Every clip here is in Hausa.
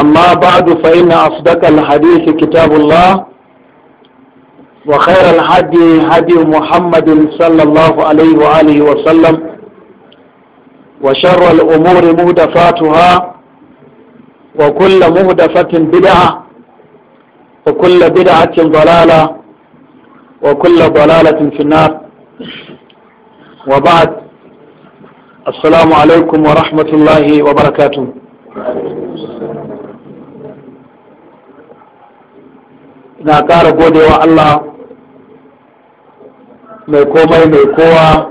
أما بعد فإن أصدق الحديث كتاب الله وخير الحدي هدي محمد صلى الله عليه وآله وسلم وشر الأمور مهدفاتها وكل مهدفة بدعة وكل بدعة ضلالة وكل ضلالة في النار وبعد السلام عليكم ورحمة الله وبركاته na ƙara godewa Allah mai komai mai kowa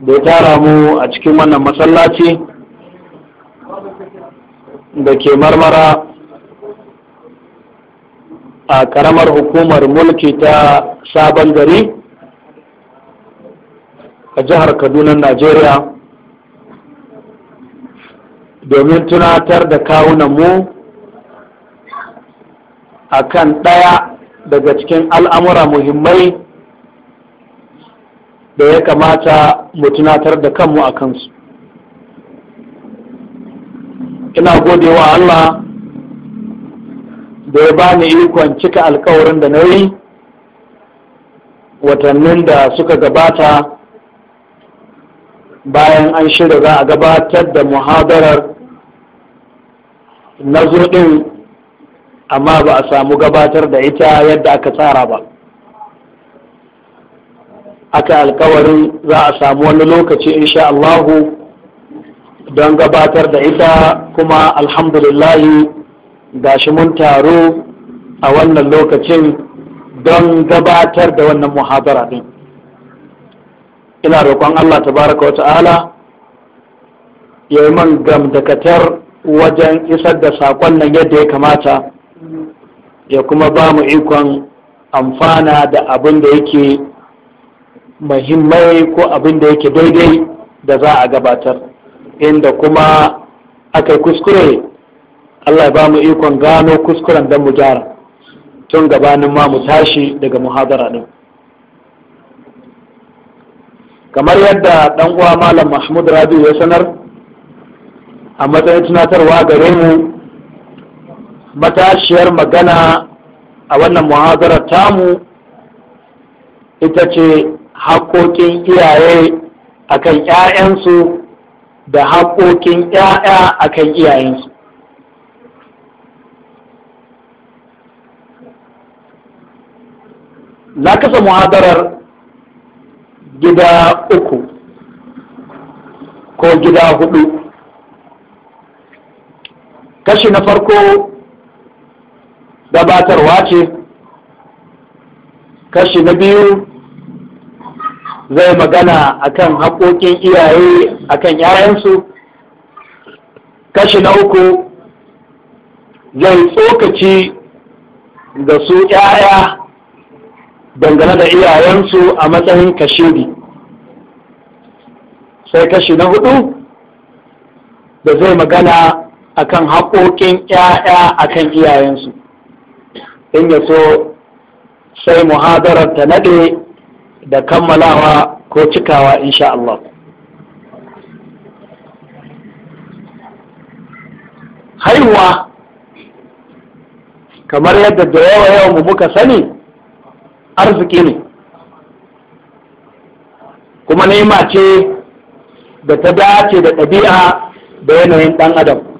da tara mu a cikin wannan masallaci da ke marmara a karamar hukumar mulki ta sabon gari a jihar kaduna najeriya domin tunatar da kawunan mu akan ɗaya daga cikin al'amura muhimmai da ya kamata mu tunatar da kanmu a kansu ina godewa Allah da ya bani ikon cika alkawarin da na yi watannin da suka gabata bayan an shirya za a gabatar da muhadarar na zo amma ba a samu gabatar da ita yadda aka tsara ba aka alkawarin za a samu wani lokaci insha Allahu don gabatar da ita kuma alhamdulillahi gashi mun taro a wannan lokacin don gabatar da wannan muhadara din ina roƙon Allah tabaraka wa ta'ala ya man gamdakatar wajen isar da saƙon nan yadda ya kamata ya kuma ba mu ikon amfana da abin da yake muhimmai ko abin da yake daidai da za a gabatar inda kuma aka yi kuskure allah ya ba mu ikon gano kuskuren don mu gyara tun gabanin ma mu tashi daga muhadara din. kamar yadda ɗan uwa malam mahmud rabiu ya sanar a matsayin tunatarwa gare mu matashiyar magana a wannan muhazarar tamu ita ce haƙoƙin iyaye a kan ‘ya'yansu da haƙoƙin ‘ya'ya a kan iyayensu na kasa muhazarar gida uku ko gida hudu kashi na farko gabatarwa ce kashi na biyu zai magana akan haƙoƙin iyaye akan 'ya'yansu kashi na uku zai tsokaci da su 'ya'ya dangane da iyayensu a matsayin kashiri sai kashi na hudu da zai magana akan haƙoƙin 'ya'ya akan iyayensu in ya so sai muhadarar ta nade da kammalawa ko cikawa insha Allah haihuwa kamar yadda da yawa yau mu muka sani arziki ne kuma nema ce da ta dace da ɗabi'a da yanayin ɗan adam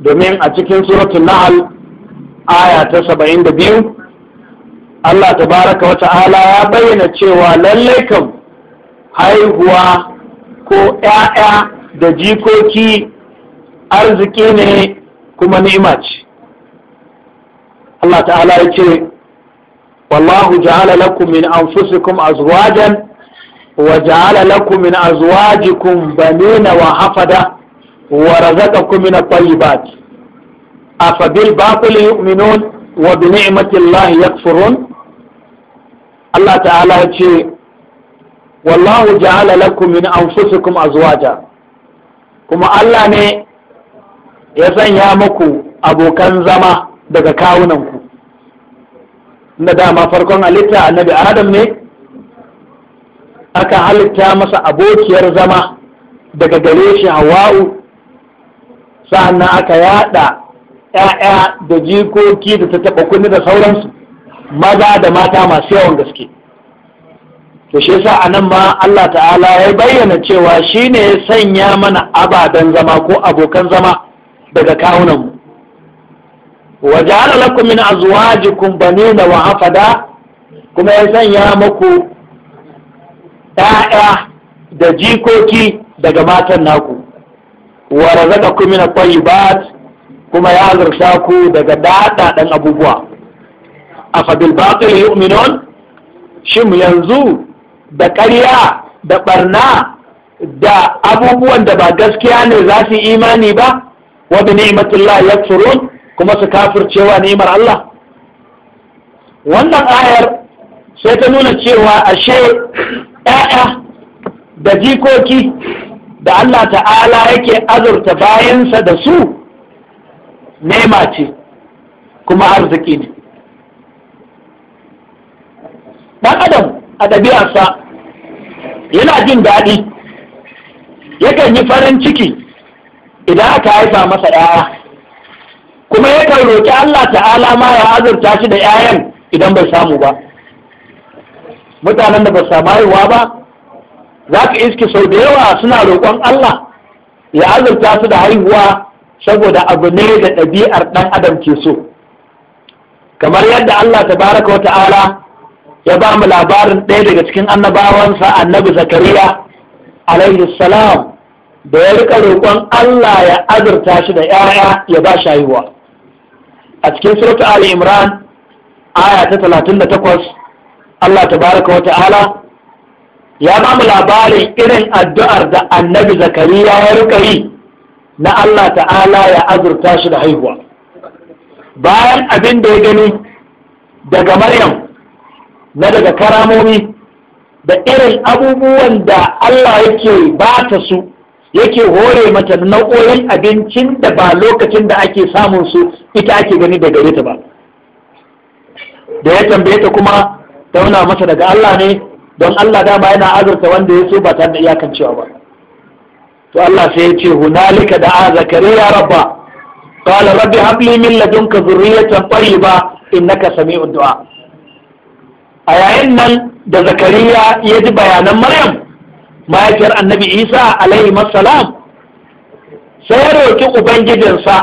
domin a cikin suratul nahl aya ta saba'in da biyu Allah tabaraka wa ta'ala ya bayyana cewa lallai kam haihuwa ko ‘ya'ya da jikoki arziki ne kuma ni'ima ce Allah ta'ala ya ce wallahu ja'ala lakum min anfusikum azwajan wa ja'ala lakum min azwajikum banina wa hafada ورزقكم من الطيبات أفبالباطل يؤمنون وبنعمة الله يكفرون الله تعالى يقول والله جعل لكم من أنفسكم أزواجا كما الله ne ya sanya maku abokan zama daga kawunanku na farkon halitta annabi adam ne aka halitta masa abokiyar zama daga gare shi hawa'u sa'annan aka yada ‘ya'ya da jikoki da ta taɓa kunni da sauransu maza da mata masu yawan gaske to shi yasa a nan ma Allah ta'ala ya bayyana cewa shi ne ya sanya mana ababen zama ko abokan zama daga kawunanmu waje ja'ala lakum min azwajikum banina wa afada kuma ya sanya maku ‘ya'ya da jikoki daga matan naku wa razaqakum min at-tayyibat kuma ya azurta ku daga daɗaɗan abubuwa afabil batil yu'minun shin yanzu da ƙarya da ɓarna da abubuwan da ba gaskiya ne za su yi imani ba wa bi ni'matillah yakfurun kuma su kafircewa ni'mar Allah wannan ayar sai ta nuna cewa ashe 'ya'ya da jikoki da Allah ta'ala yake azurta bayansa da su nema ce kuma arziki ne ɗan adam a ɗabi'arsa yana jin daɗi yakan yi farin ciki idan aka haifa masa ɗaya kuma yakan roƙi Allah ta'ala ma ya azurta shi da 'ya'yan idan bai samu ba mutanen da ba samu haihuwa ba za ka iske sau da yawa suna roƙon Allah ya azurta su da haihuwa saboda abu ne da ɗabi'ar ɗan adam ke so kamar yadda Allah tabaraka wata'ala ya ba mu labarin ɗaya daga cikin annabawansa annabi zakariya alaihi salam da ya rika roƙon Allah ya azurta shi da 'ya'ya ya ba shi haihuwa a cikin suratu ali imran aya ta talatin da 38 Allah tabaraka wata'ala ya ba mu labarin irin addu'ar da annabi zakariya ya rika yi na Allah ta'ala ya azurta shi da haihuwa bayan abin da ya gani daga maryam na daga karamomi da irin abubuwan da Allah yake ba ta su yake hore mata nau'o'in abincin da ba lokacin da ake samun su ita ake gani da gare ta ba da ya tambaye ta kuma tauna masa daga Allah ne don Allah dama yana azurta wanda ya so ba tare da iyakancewa ba to Allah sai ya ce hunalika da'a zakariya rabba qala rabbi habli min ladunka zurriyatan tayyiba innaka sami'ud du'a a yayin nan da zakariya ya ji bayanan maryam mahaifiyar annabi isa alaihi salam sai ya roki ubangijinsa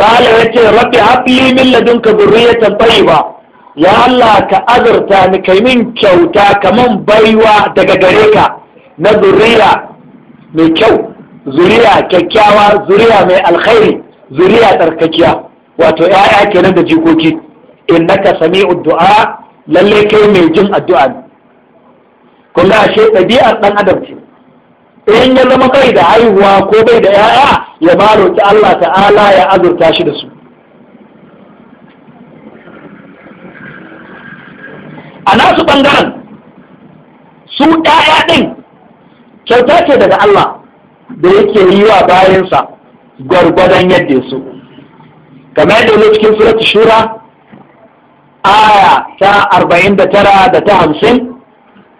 ya ce rabbi habli min ladunka zurriyatan tayyiba ya Allah ka azurta ni kai min kyauta kaman baiwa daga gare ka na zuriya mai kyau zuriya kyakkyawa zuriya mai alkhairi zuriya tsarkakiya wato ya'ya kenan da jikoki innaka sami du'a lalle kai mai jin addu'a ne kun ashe ɗabi'ar ɗan adam ce in ya zama kai da haihuwa ko bai da ya'ya ya ma roki Allah ta'ala ya azurta shi da su a nasu ɓangaren su ɗaya ɗin kyauta ce daga Allah da yake yi wa bayansa gwargwadon yadda su kamar yadda wani cikin surat shura aya ta arba'in da tara da ta hamsin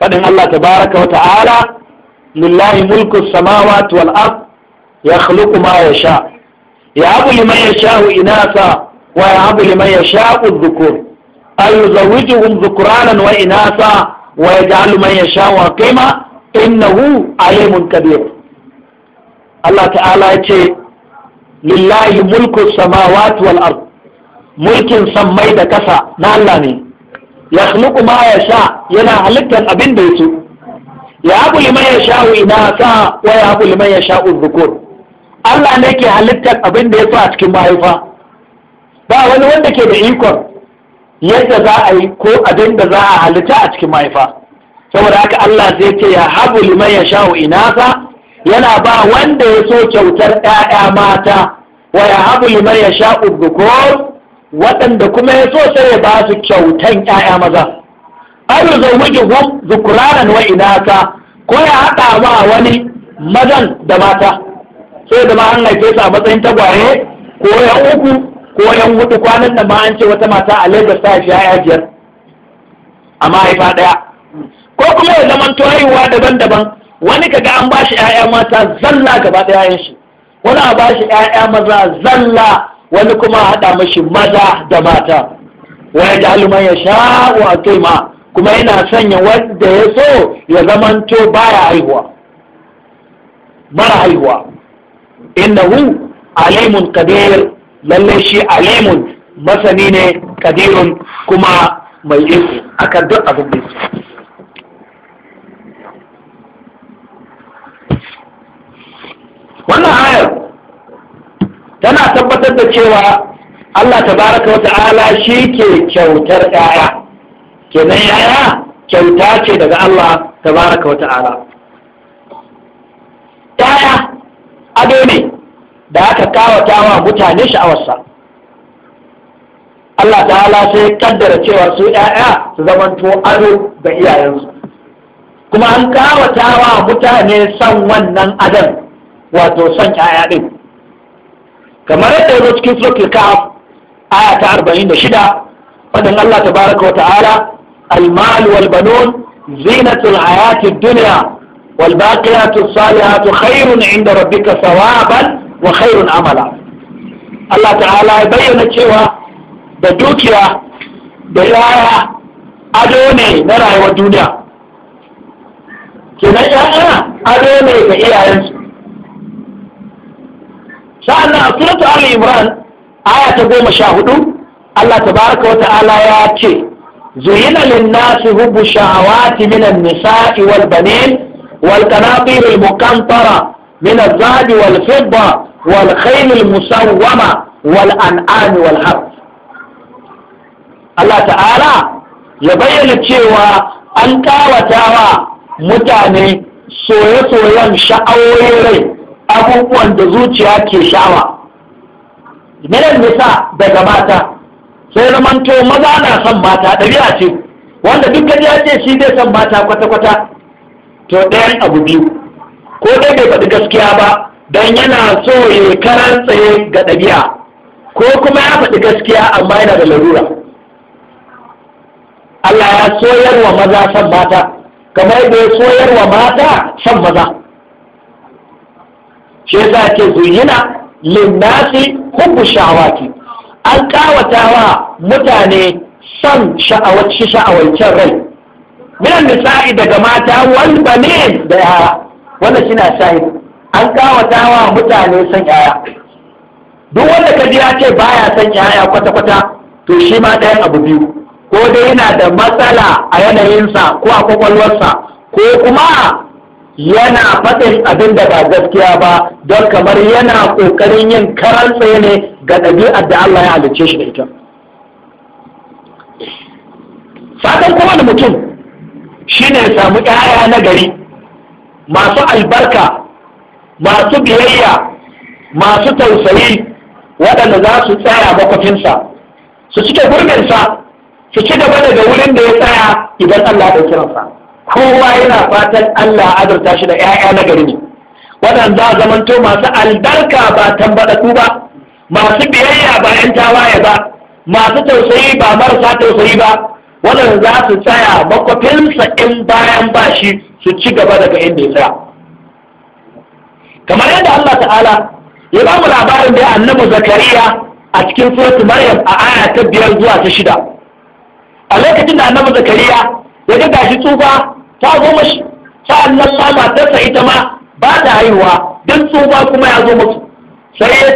faɗin Allah ta baraka wa ta'ala lillahi mulku samawati wal ard yakhluqu ma yasha ya abu liman yasha'u inasa wa ya abu liman yasha'u dhukur ayuzawwijuhum wa wa man innahu alimun kabir Allah ta'ala ya ce mulkin sammai da kasa na Allah ne ya ma yasha yana halittar abin da yake ya liman wa ya liman Allah ne ke halittar abin da ya so a cikin mahaifa ba wani wanda ke da ikon yadda za a yi ko abin da za a halitta a cikin mahaifa saboda haka Allah zai ce ya habu liman ya sha'u inasa yana ba wanda ya so kyautar ɗaya mata wa ya habu liman ya sha'u dhukur waɗanda kuma ya so sai ya ba su kyautan ƴaƴa maza an zawwiji hum zukuranan wa inasa ko ya haɗa wa wani mazan da mata sai da ma an haife su a matsayin tagwaye ko ya uku ko yan hudu kwanan da ma an ce wata mata a Lagos ta shi ya biyar a mahaifa ɗaya ko kuma ya zaman haihuwa daban-daban wani kaga an bashi ƴaƴa mata zalla gaba ɗaya ƴaƴan shi wani a bashi ƴaƴa maza zalla wani kuma a haɗa mashi maza da mata wani da aluman ya sha wa ma kuma yana sanya wanda ya so ya zamanto baya haihuwa mara haihuwa innahu alimun kabir lalle shi alimun masani ne kadirun kuma mai iko akan duk abin da wannan ayar tana tabbatar da cewa Allah tabaraka wata'ala shi ke kyautar yaya kenan yaya kyauta ce daga Allah tabaraka wata'ala ado ne da aka kawata wa mutane sha'awarsa Allah ta'ala sai kaddara cewa su ‘ya'ya su zamanto ado da iyayensu kuma an kawata wa mutane son wannan adam wato son ‘ya'ya ɗin kamar yadda ya zo cikin suratul kaf aya ta arba'in da shida wadda Allah tabaraka wa ta'ala banun zinatul زينة sali hatu والباقيات inda خير عند ربك ثوابا wa khairun amala Allah ta'ala ya bayyana cewa da dukiya da yaya ado ne na rayuwar duniya kenan yaya ado ne ga iyayensu sa'an a suratu ali imran aya ta goma sha hudu Allah tabaraka wa ta'ala ya ce زين للناس هب الشهوات من النساء والبنين والقناطير المقنطرة من الذهب والفضة wal musawwama wal an'ami wal harf Allah ta'ala ya bayyana cewa an wa mutane soye-soyen sha'awoyin abubuwan da zuciya ke sha'awa minan nisa daga mata sai zamanto maza na son mata ɗabi'a ce wanda duk gaji ya ce shi zai son mata kwata-kwata to ɗayan abu biyu ko dai bai faɗi gaskiya ba don yana so ya karan tsaye ga ɗabi'a ko kuma ya faɗi gaskiya amma yana da larura Allah ya soyar wa maza san mata kamar yadda ya wa mata san maza shi yasa ke zuyina linnasi hubbu sha'awati an kawatawa mutane son sha'awaci sha'awancin rai minan nisa'i daga mata wal banin da yara shi na shahid an kawata wa mutane son yaya duk wanda ka ji ya ce baya son yaya kwata-kwata to shi ma ɗayan abu biyu ko dai yana da matsala a yanayinsa ko a kwakwalwarsa ko kuma yana faɗin abin da ba gaskiya ba don kamar yana ƙoƙarin yin tsaye ne ga ɗabi'ar da Allah ya halicce shi da ita fatan da mutum shine samu 'ya'ya na gari masu albarka masu biyayya masu tausayi waɗanda za su tsaya bakwafinsa su cike gurbinsa su ci gaba daga wurin da ya tsaya idan Allah ya kiransa kowa yana fatan Allah azurta shi da 'ya'ya na gari ne waɗanda zamanto masu albarka ba tambaɗaɗɗu ba masu biyayya ba 'yan tawaye ba masu tausayi ba marasa tausayi ba waɗanda za su tsaya makwafinsa in bayan ba shi su ci gaba daga inda ya tsaya kamar yadda Allah ta'ala ya ba mu labarin da ya annabi zakariya a cikin suratul maryam a aya ta biyar zuwa ta shida a lokacin da annabi zakariya ya ga gashi tsufa ta zo mashi sa'an ma matarsa ita ma ba ta haihuwa don tsufa kuma ya zo musu sai ya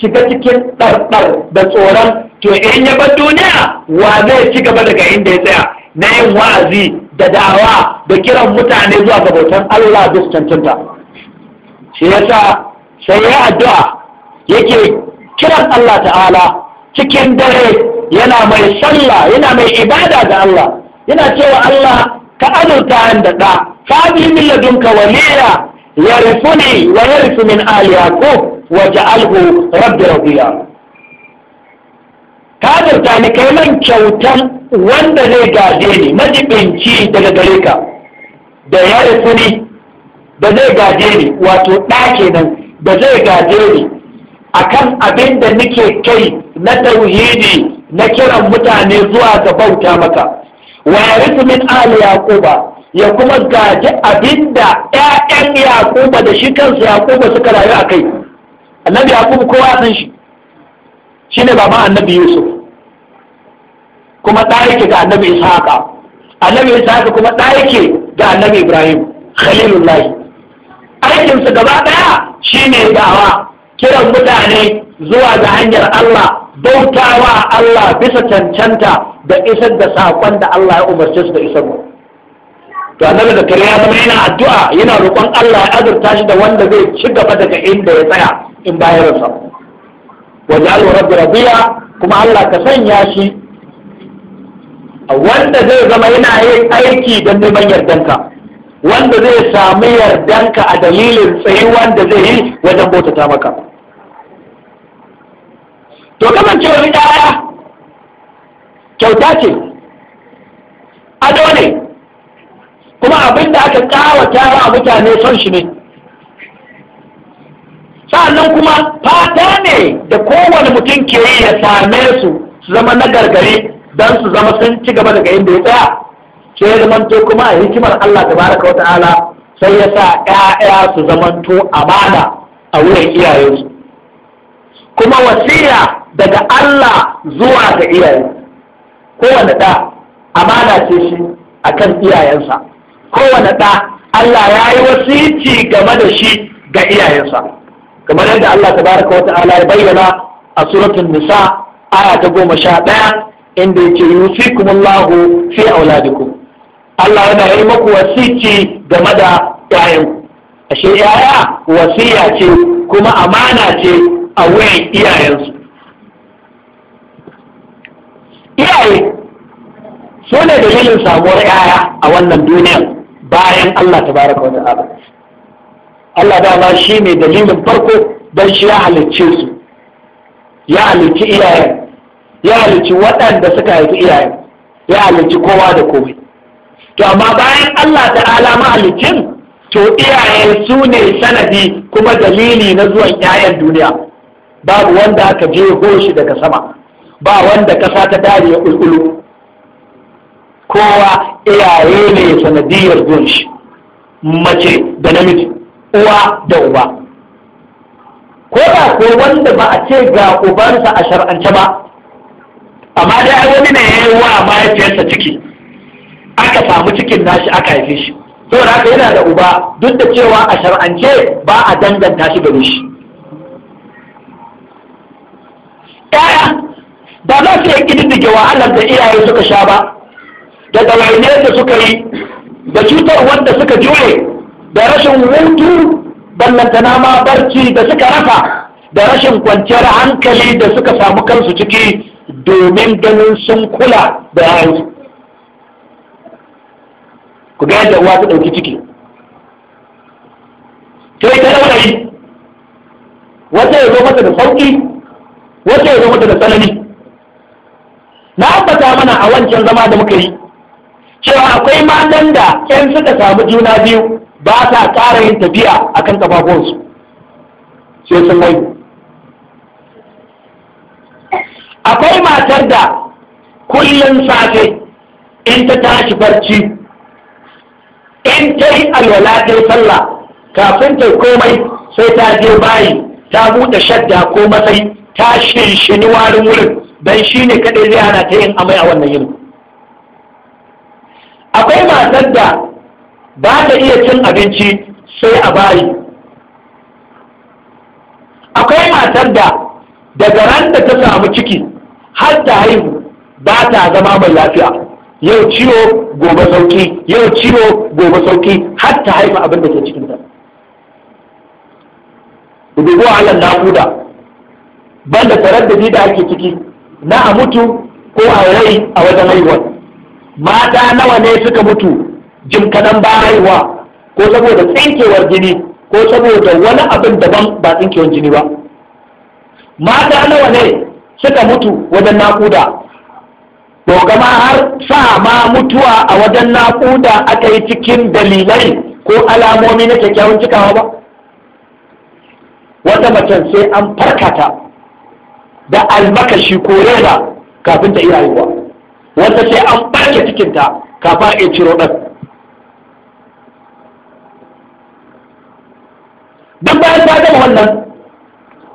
shiga cikin ɗarɗar da tsoron to in ya bar duniya wa zai ci gaba daga inda ya tsaya na yin wa'azi da dawa da kiran mutane zuwa ga bautan Allah duk cancanta. shi yasa sai ya addu'a yake kiran Allah ta'ala cikin dare yana mai sallah yana mai ibada ga Allah yana cewa Allah ka azurta ni da ɗa ka bi min ya waliya ne wa rufu min ali yaqub wa ja'alhu rabbi radiya ka azurta ni kai man kyautan wanda zai gaje ni majibinci daga gare ka da ne da zai gaje ni wato ɗa kenan da zai gaje ni kan abin da nake kai na tauhidi na kiran mutane zuwa ga bauta maka wa yarithu min ali yaquba ya kuma gaje abin da ƴaƴan yaquba da shi kansu yaquba suka rayu a kai annabi yaquba kowa san shi shine baba annabi yusuf kuma ɗa yake ga annabi ishaqa annabi ishaqa kuma ɗa yake ga annabi ibrahim khalilullahi aikinsu gaba ɗaya ne dawa kiran mutane zuwa ga hanyar Allah bautawa Allah bisa cancanta da isar da saƙon da Allah ya umarce su da isar mu to annabi da kare ya zama yana addu'a yana roƙon Allah ya azurta shi da wanda zai ci gaba daga inda ya tsaya in bayan rasa wajal rabbi rabiya kuma Allah ka sanya shi wanda zai zama yana yin aiki don neman yardanka wanda zai sami yardanka a dalilin tsayuwan da zai yi wajen bautata maka to ni ɗaya kyauta ce ado ne kuma abin da aka ƙawata a mutane son shi ne sa'annan kuma fata ne da kowane mutum ke yi ya same su su zama na gargare don su zama sun ci gaba daga inda ya tsaya sai zamanto kuma a hikimar Allah tabaraka wa ta'ala sai ya sa ƴaƴa su zamanto amana a wurin iyayensu kuma wasiya daga Allah zuwa ga iyaye kowane ɗa amana ce shi akan iyayensa kowane ɗa Allah ya yi wasici game da shi ga iyayensa kamar yadda Allah tabaraka wa ta'ala ya bayyana a suratul nisa aya ta goma sha ɗaya inda yake yusikumullahu fi auladikum Allah yana yi maku wasici game da yayan ashe yaya wasiya ce kuma amana ce a wuyan iyayensu iyaye su ne dalilin samuwar yaya a wannan duniyar bayan Allah ta baraka wani abu. Allah dama shi ne dalilin farko don shi ya halicce su ya halicci iyayen ya halicci waɗanda suka haifi iyayen ya halicci kowa da komai to amma bayan Allah ta'ala mahalicin to iyaye su ne sanadi kuma dalili na zuwan 'ya'yan duniya babu wanda aka je shi daga sama ba wanda kasa ta dare ya ƙulƙulu kowa iyaye ne sanadiyar zuwan mace da namiji uwa da uba ko ba ko wanda ba a ce ga ubansa a shar'ance ba amma dai wani ne ya yi wa mahaifiyarsa ciki aka samu cikin nashi aka haife shi da haka yana da uba duk da cewa a shar'ance ba a danganta shi gare shi ɗaya ba za su yi ƙididdige wahalar da iyaye suka sha ba da ɗawainiyar da suka yi da cutar wanda suka jure da rashin hutu ballantana nama barci da suka rafa da rashin kwanciyar hankali da suka samu kansu ciki domin ganin sun kula da yayansu ku ga yadda uwa ta ɗauki ciki sai ta yi. wata ya zo mata da sauƙi wata ya zo mata da tsanani na ambata mana a wancan zama da muka yi cewa akwai matan da ƴan suka samu juna biyu ba sa ƙara yin tafiya a kan ƙafafuwansu sai sun haihu akwai matar da kullum safe in ta tashi barci in ta yi alwala ta yi sallah kafin ta komai sai ta je bayi ta buɗe shadda ko matsayi ta shinshini warin wurin don shi ne kaɗai zai hana ta yin amai a wannan yinin akwai matar da ba ta iya cin abinci sai a bayi akwai matar da daga ran da ta samu ciki har ta haihu ba ta zama mai lafiya yau ciwo gobe sauki yau ciwo gobe sauki har ta haifa abin da ke cikin ta dubu alan nakuda banda taraddadi da ake ciki na a mutu ko a rai a wajen haihuwa mata nawa ne suka mutu jim kadan ba haihuwa ko saboda tsinkewar jini ko saboda wani abin daban ba tsinkewar jini ba mata nawa ne suka mutu wajen nakuda to gama har sa ma mutuwa a wajen naƙuda aka yi cikin dalilai ko alamomi na kyakkyawan cikawa ba wata macen sai an farkata da almakashi ko reba kafin ta iya haihuwa wata sai an barke cikinta kafin a ciro ɗan duk bayan ta gama wannan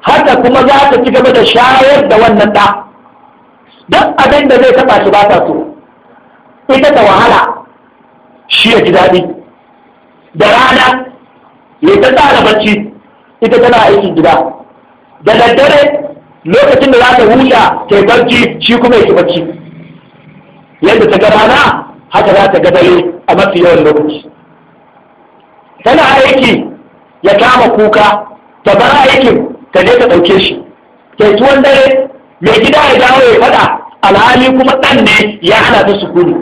haka kuma za ta ci gaba da shayar da wannan ɗa duk abin da zai taɓa shi ba ta so ita ta wahala shi ya ji daɗi da rana ya ta tsara bacci ita tana aikin gida da daddare lokacin da za ta huta ta barci shi kuma ya barci yadda ta gabana haka za ta gabale a mafi yawan lokaci tana aiki ya kama kuka ta bar aikin ta je ta ɗauke shi ta yi tuwon dare mai gida ya dawo ya faɗa alhali kuma ɗan ne ya hana ta sukuni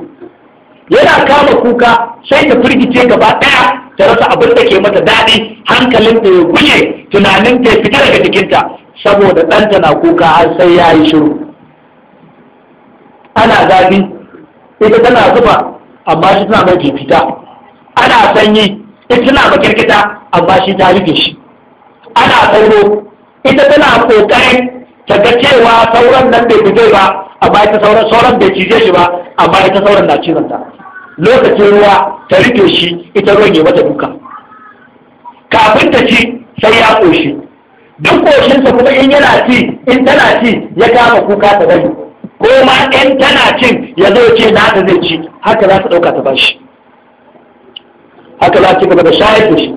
yana kama kuka sai ta firgice gaba ɗaya ta rasa abin da ke mata daɗi hankalin da ya gunye tunanin ta ya fita daga jikinta saboda ɗanta na kuka har sai ya yi shiru ana zafi ita tana zuba amma shi tana mai fita ana sanyi ita tana makirkita amma shi ta rike shi ana sauro, ita tana kokarin Daga cewa sauran nan bai fito ba amma ita sauran sauran bai cije shi ba amma ita sauran na cizon ta lokacin ruwa ta rike shi ita ruwan ya mata duka kafin ta ci sai ya koshi duk koshinsa kuma in yana ci in tana ci ya kama kuka ta bari ko ma in tana cin ya zo ce na ta zai ci haka za ta ɗauka ta bashi haka za ta gaba da shayar da shi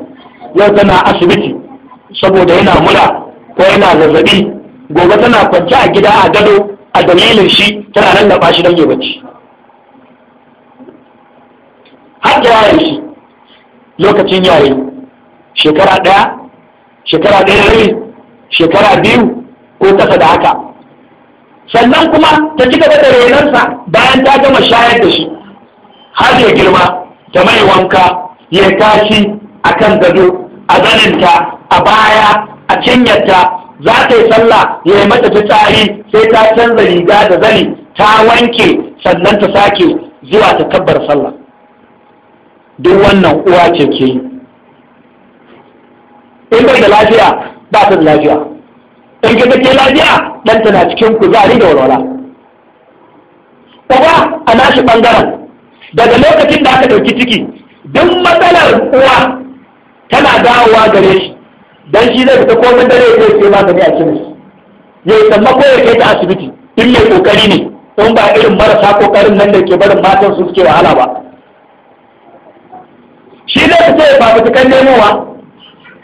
yau tana asibiti saboda yana mura ko yana zazzabi gobe tana kwance a gida a gado a dalilin shi tana nan da shi don yawanci har da yayin shi lokacin yare, shekara ɗaya shekara ɗaya rai shekara biyu ko kasa da haka sannan kuma ta ci gaba da renarsa bayan ta gama shayar da shi har ya girma ta mai wanka ya tashi a kan gado a zaninta a baya a cinyarta za ta yi sallah ya yi mata fitsari sai ta canza riga da zani ta wanke sannan ta sake zuwa ta kabbar sallah duk wannan uwa ce ke yi in bai da lafiya ba ta da lafiya in ka take lafiya ta na cikin kuzari da walwala uwa a nashi ɓangaren daga lokacin da aka ɗauki ciki duk matsalar uwa tana dawowa gare shi dan shi zai fita komai dare ya ce magani a kemis ya samma ko ya kai ta asibiti in mai kokari ne in ba irin marasa kokarin nan da ke barin matan su suke wahala ba shi zai fita ya nemo nemowa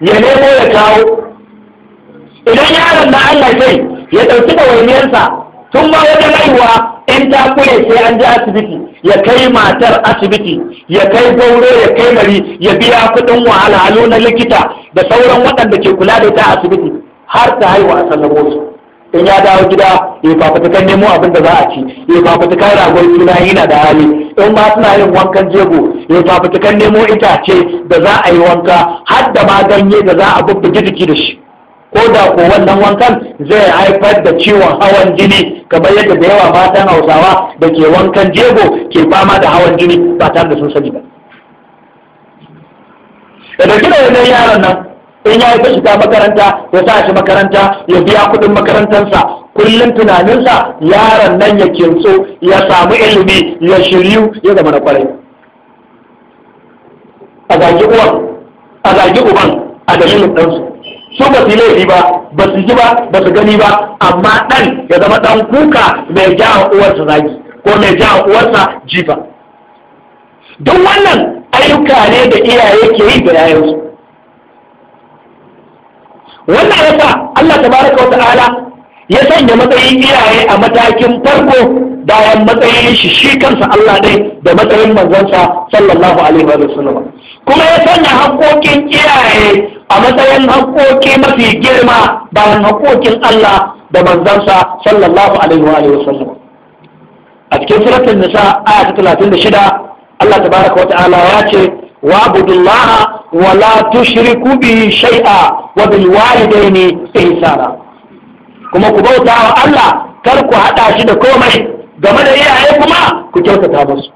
ya nemo ya kawo idan yaron na Allah sai ya ɗauki ɗawainiyarsa tun ma wajen haihuwa in ta kure sai an je asibiti ya kai matar asibiti ya kai gauro ya kai mari ya biya kudin wahalhalu na likita da sauran waɗanda ke kula da ta asibiti har ta haihu a sanar wasu in ya dawo gida ya fafutukan nemo abin da za a ci ya fafutukan ragon suna yana da hali in ma suna yin wankan jego ya fafutukan nemo itace da za a yi wanka har da ma ganye da za a bubbuge jiki da shi ko da ko wannan wankan zai haifar da ciwon hawan jini kamar yadda da yawa matan hausawa da ke wankan jego ke fama da hawan jini ba tare da sun sani ba da dauki da wannan yaron nan in ya shi ta makaranta ya sa shi makaranta ya biya kuɗin makarantarsa kullum tunaninsa yaron nan ya kintso ya samu ilimi ya shiryu ya zama na kwarai a zagi uban a dalilin ɗansu su ba su laifi ba ba su ji ba ba su gani ba amma ɗan ya zama ɗan kuka mai jawa uwarsa zagi ko mai jawa uwarsa jifa duk wannan ayyuka ne da iyaye ke yi da yayansu wannan yasa Allah tabaraka wa ta'ala ya sanya matsayin iyaye a matakin farko bayan matsayin shi shi kansa Allah ne da matsayin manzansa sallallahu alaihi wa sallam kuma ya sanya hakokin iyaye a matsayin haƙoƙi mafi girma bayan haƙoƙin Allah da manzansa sallallahu alaihi wa alihi wasallam a cikin suratul nisa aya ta 36 Allah tabaraka wa ta'ala ya ce wa budullaha wa la tushriku bi shay'a wa bil walidaini ihsana kuma ku bauta wa Allah kar ku hada shi da komai game da iyaye kuma ku kyautata musu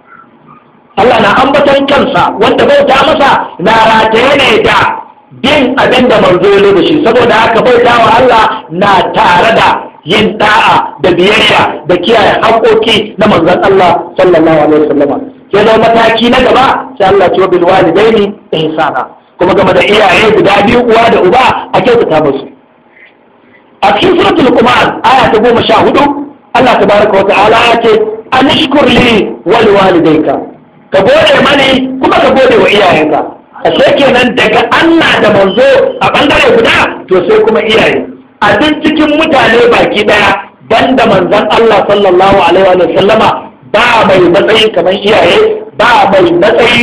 Allah na ambaton kansa wanda bauta masa na rataye ne da yin abin da manzo ya da shi saboda haka bautawa Allah na tare da yin da'a da biyayya da kiyaye haƙoƙi na manzon Allah sallallahu alaihi wasallam ke da mataki na gaba sai Allah ya bil walidaini ihsana kuma game da iyaye guda biyu uwa da uba a kyautata musu a cikin suratul qumar aya ta goma sha hudu Allah tabaraka wa ta'ala ya ce anishkur li ka. ka gode mani kuma ka gode wa iyayenka sai kenan daga Allah da manzo a bangare guda to sai kuma iyaye a duk cikin mutane baki daya banda manzon Allah sallallahu alaihi wa sallama ba mai matsayi kamar iyaye ba mai matsayi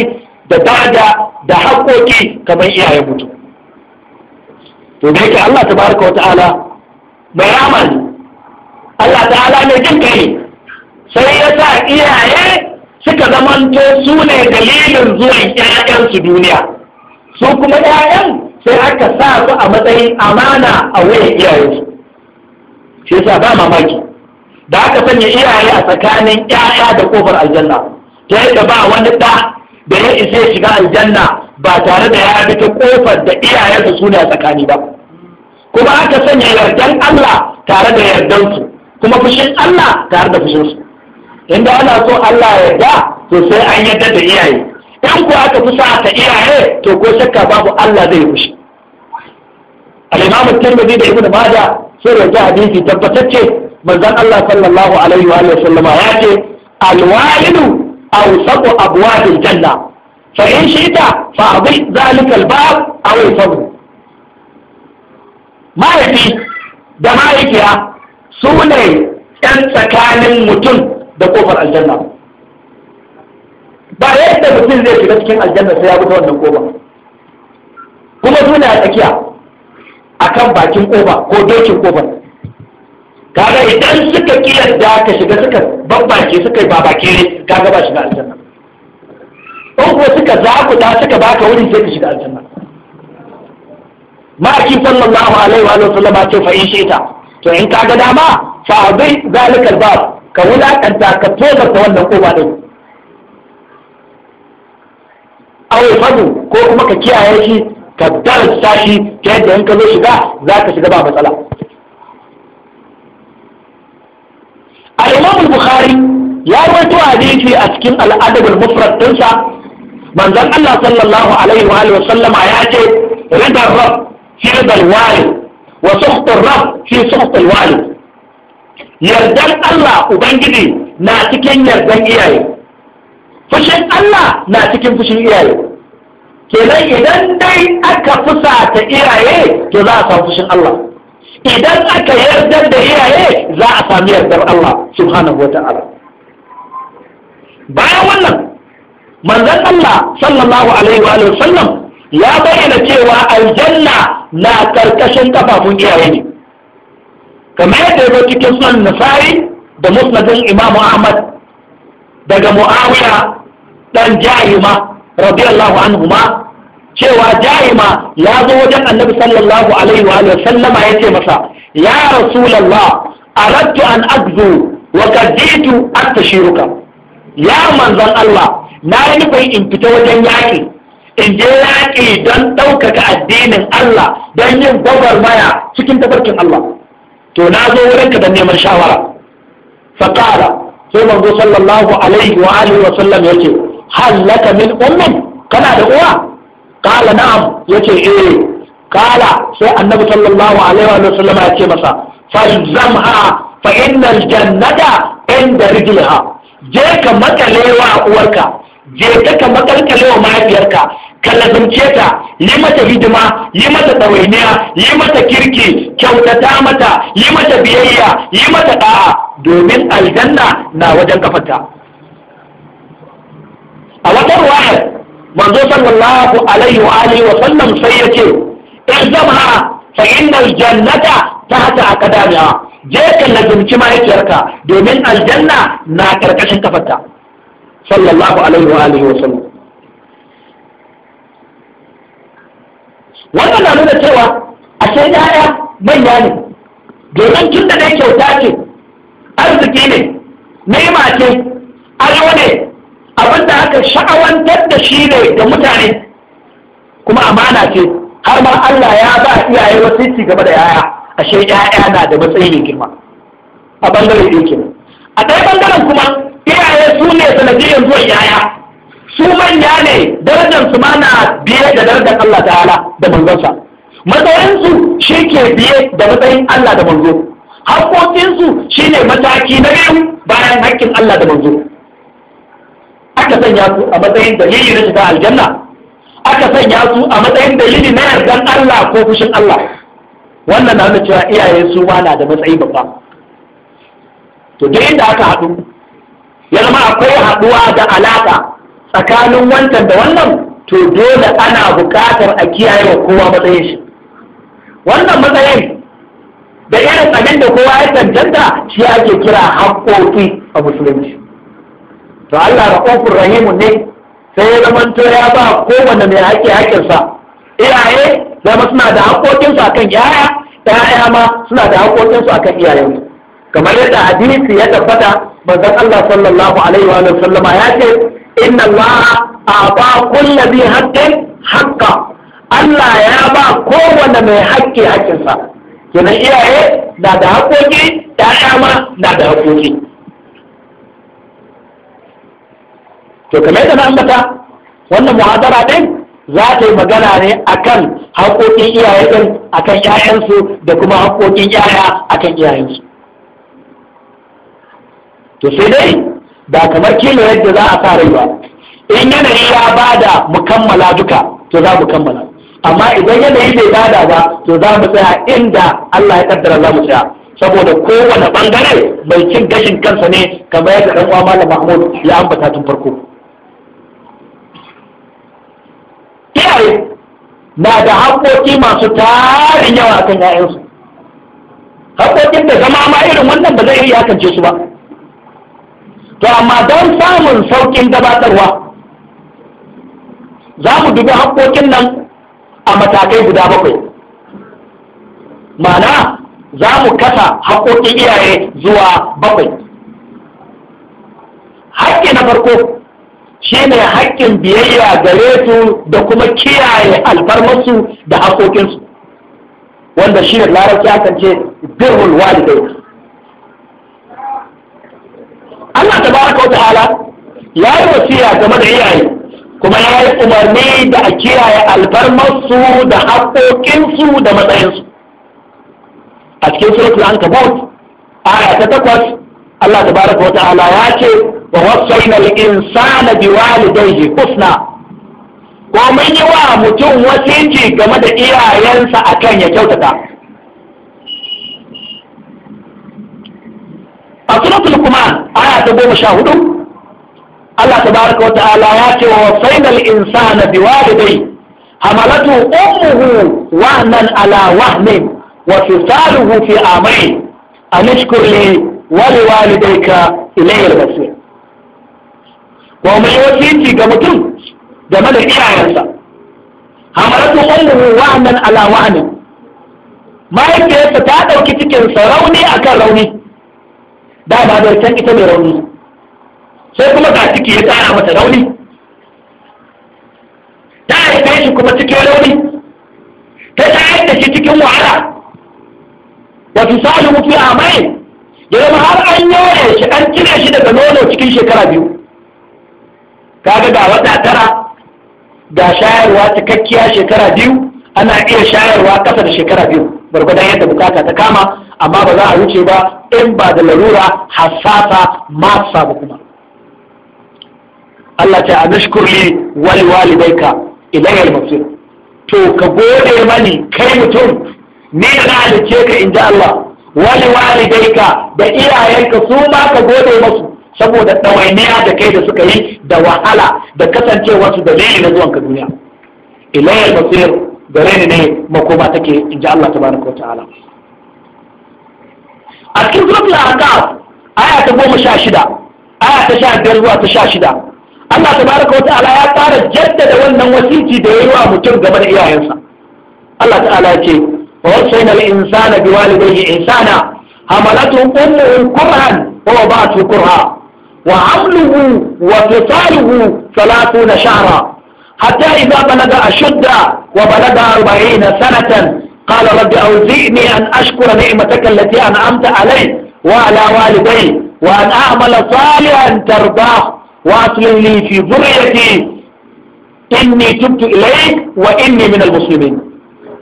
da dada da haƙoƙi kamar iyaye mutu to da yake Allah tabaraka wa ta'ala mai aman, Allah ta'ala ne jin sai ya sa iyaye suka zamanto su ne dalilin zuwan 'ya'yansu duniya su kuma 'ya'yan sai aka sa su a matsayin amana a wuyan iyayensu shi yasa ba mamaki da aka sanya iyaye a tsakanin 'ya'ya da kofar aljanna ta yadda ba wani ɗa da ya isa shiga aljanna ba tare da ya bi ta kofar da iyayensa su ne a tsakani ba kuma aka sanya yardan Allah tare da yardansu kuma fushin Allah tare da fushinsu inda ana so Allah ya da to sai an yadda da iyaye in ku aka fi sa ta iyaye to ko shakka babu Allah zai fushi al imamu tirmidhi da ibnu majah sai da hadisi tabbatacce manzon Allah sallallahu alaihi wa sallama ya ce al-walidu awsaqu al janna fa in shi'ta fa abi zalika al-bab aw ma mahaifi da mahaifiya su ne 'yan tsakanin mutum da kofar aljanna ba yadda mutum zai shiga cikin aljanna sai ya bi ta wannan kofa kuma suna a tsakiya kan bakin kofa ko dokin kofar kaga idan suka da ka shiga suka babbaki suka yi babake ne kaga ba shiga aljanna in kuwa suka zakuta suka baka wurin sai ka shiga aljanna ma'aiki sallallahu alaihi wa sallam ce fa in shi to in kaga dama fa'adai bai ba ka wulakanta ka tozarta wannan koba din awai fadu ko kuma ka kiyaye shi ka darasa shi ta yadda in ka zo shiga za ka shiga ba matsala al-imam bukhari ya rawaito hadisi a cikin al-adab al-mufrad dinsa manzon Allah sallallahu alaihi wa alihi wasallama ya ce ridar rab fi ridal wali wa suhtur fi suhtul wali yardan Allah ubangiji na cikin yardan iyaye fushin Allah na cikin fushin iyaye kenan idan dai aka fusa ta iyaye to za a samu fushin Allah idan aka yardar da iyaye za a sami yardar Allah subhanahu Ta'ala. bayan wannan manzon Allah sallallahu alaihi wa sallam ya bayyana cewa aljanna na ƙarƙashin kafafun iyaye ne kamar yadda ya cikin sunan nasari da musnadin imamu ahmad daga muawiya dan jahima radiyallahu anhuma cewa jahima ya zo wajen annabi sallallahu alaihi wa sallama ya ce masa ya rasulallah aradtu an agzu wa kadditu astashiruka ya manzon Allah na yi nufin in fita wajen yaƙi in je yaƙi don ɗaukaka addinin Allah don yin gwagwarmaya cikin tafarkin Allah to na zo ka da neman shawara qala sai manzo sallallahu alaihi wa alihi wa sallam yace hal laka min ummin kana da uwa qala na'am yace eh qala sai annabi sallallahu alaihi wa sallam ce masa zamha fa innal jannata inda rijliha je ka makalewa uwarka je ka makalkalewa mahaifiyarka ka ta yi mata hidima yi mata ɗawainiya yi mata kirki kyautata mata yi mata biyayya yi mata ɗa'a domin aljanna na wajen kafarta a wata ruwayar manzo sallallahu alaihi wa alihi wa sallam sai ya ce in zama fa innal jannata tahta aqdamiha je ma yake mahaifiyarka domin aljanna na karkashin kafarta sallallahu alaihi wa alihi wa sallam wannan na nuna cewa a yaya manya ne domin tun da dai kyauta ce arziki ne nema ce ado ne abin da aka sha'awantar da shi ne da mutane kuma amana ce har ma Allah ya ba iyaye wasu game da yaya ashe yaya na da matsayin girma a bangare ɗin a ɗaya bangaren kuma iyaye su ne sanadiyar zuwan yaya su manya ne darajar su mana biye da darajar Allah ta'ala da manzonsa su shi ke biye da matsayin Allah da manzo haƙoƙinsu shi ne mataki na biyu bayan haƙƙin Allah da manzo aka sanya su a matsayin dalili na shiga aljanna aka sanya su a matsayin dalili na yardan Allah ko fushin Allah wannan na nuna cewa iyaye su ma na da matsayi babba to duk inda aka haɗu ya zama akwai haɗuwa da alaƙa tsakanin wancan da wannan to dole ana bukatar a kiyaye wa kowa matsayin shi wannan matsayin da irin abin da kowa ya canjanta shi ake kira haƙƙoƙi a musulunci to Allah raƙofin rahimu ne sai ya zamanto ya ba kowane mai haƙe haƙƙinsa iyaye zama suna da haƙƙoƙinsu akan yaya yaya ma suna da haƙƙoƙinsu akan iyayensu kamar yadda hadisi ya tabbata manzon Allah sallallahu alaihi wa sallama ya ce inna Allah a ba kulla bi haƙƙin haƙƙa Allah ya ba kowane mai haƙƙi haƙƙinsa kenan iyaye na da haƙoƙi, ƴaƴa ma na da haƙoƙi. to kamar yadda na ambata wannan muhadara ɗin za ta yi magana ne akan haƙoƙin iyaye ɗin akan 'ya'yansu, da kuma haƙoƙin 'ya'ya akan iyayensu to sai dai ba kamar kilo yadda za a sa rai ba in yanayi ya bada mu kammala duka to za mu kammala amma idan yanayi bai bada ba to za mu tsaya inda Allah ya kaddara za mu tsaya saboda kowane bangare mai cin gashin kansa ne kamar yadda dan uwa malam Mahmud ya ambata tun farko iyaye na da haƙoƙi masu tarin yawa kan 'ya'yansu haƙoƙin da zama ma irin wannan ba zai iya yakance su ba to amma don samun sauƙin gabatarwa za mu dubi haƙoƙin nan a matakai guda bakwai mana za mu kasa haƙoƙin iyaye zuwa bakwai haƙƙi na farko shi ne haƙƙin biyayya gare su da kuma kiyaye alfarmarsu da haƙoƙinsu wanda shi ne larabci akan ce birrul walidai Allah tabaraka wata hala ya yi wasiya game da iyaye kuma ya yi umarni da a kiyaye alfarmarsu da haƙoƙinsu da matsayinsu a cikin suratul ankabut aya ta takwas Allah tabaraka wa hala ya ce wa wasaina al-insana biwalidayhi husna ko mun yi wa mutum wasici game da iyayensa akan ya kyautata a suratul kuma ta goma sha hudu Allah ta tabaraka wa ta'ala ya ce wa fainal insana dai hamalatu ummuhu nan ala wahnin wa fisaluhu fi amai an ishkur li wa liwalidayka ilayhi al-masir wa mai wasiti ga mutum game da iyayensa hamalatu ummuhu nan ala wahnin mahaifiyarsa ta ɗauki cikin sarauni rauni akan rauni ba da can ita mai rauni sai kuma ga ciki ya tsara mata rauni ta haife shi kuma cikin rauni ta ta shi cikin wahala wato sa'adu mutu ya mai ya zama har an yawaye shi an kira shi daga nono cikin shekara biyu kaga ga wata tara ga shayarwa cikakkiya shekara biyu ana iya shayarwa kasa da shekara biyu barbada yadda bukata ta kama amma ba za a wuce ba in ba da larura hassasa ma ba kuma Allah ta anashkur li wali walidaika ilayya masir to ka gode mani kai mutum ni na halice ka in ji Allah wali ka da iyayenka su ma ka gode masu saboda ɗawainiya da kai da suka yi da wahala da kasancewarsu da na zuwanka duniya ilayar masir gare ne makoma take in ji Allah tabaraka wa ta'ala a cikin suratul ahqaf ya ta goma sha shida aya ta sha biyar zuwa ta sha shida Allah tabaraka wa ta'ala ya tsara jaddada wannan wasiki da ya yi wa mutum game da iyayensa Allah ta'ala ya ce wa wasaina lil insana biwalidayhi insana hamalatu ummuhu kurhan wa wada'atu kurha wa hamluhu wa fisaluhu 30 shahra حتى wa بلغ أشده arba'in na sanatan. قال رب أوزئني أن أشكر نعمتك التي أنعمت علي وعلى والدي وأن أعمل صالحا ترضاه وأصلح لي في ذريتي إني تبت إليك وإني من المسلمين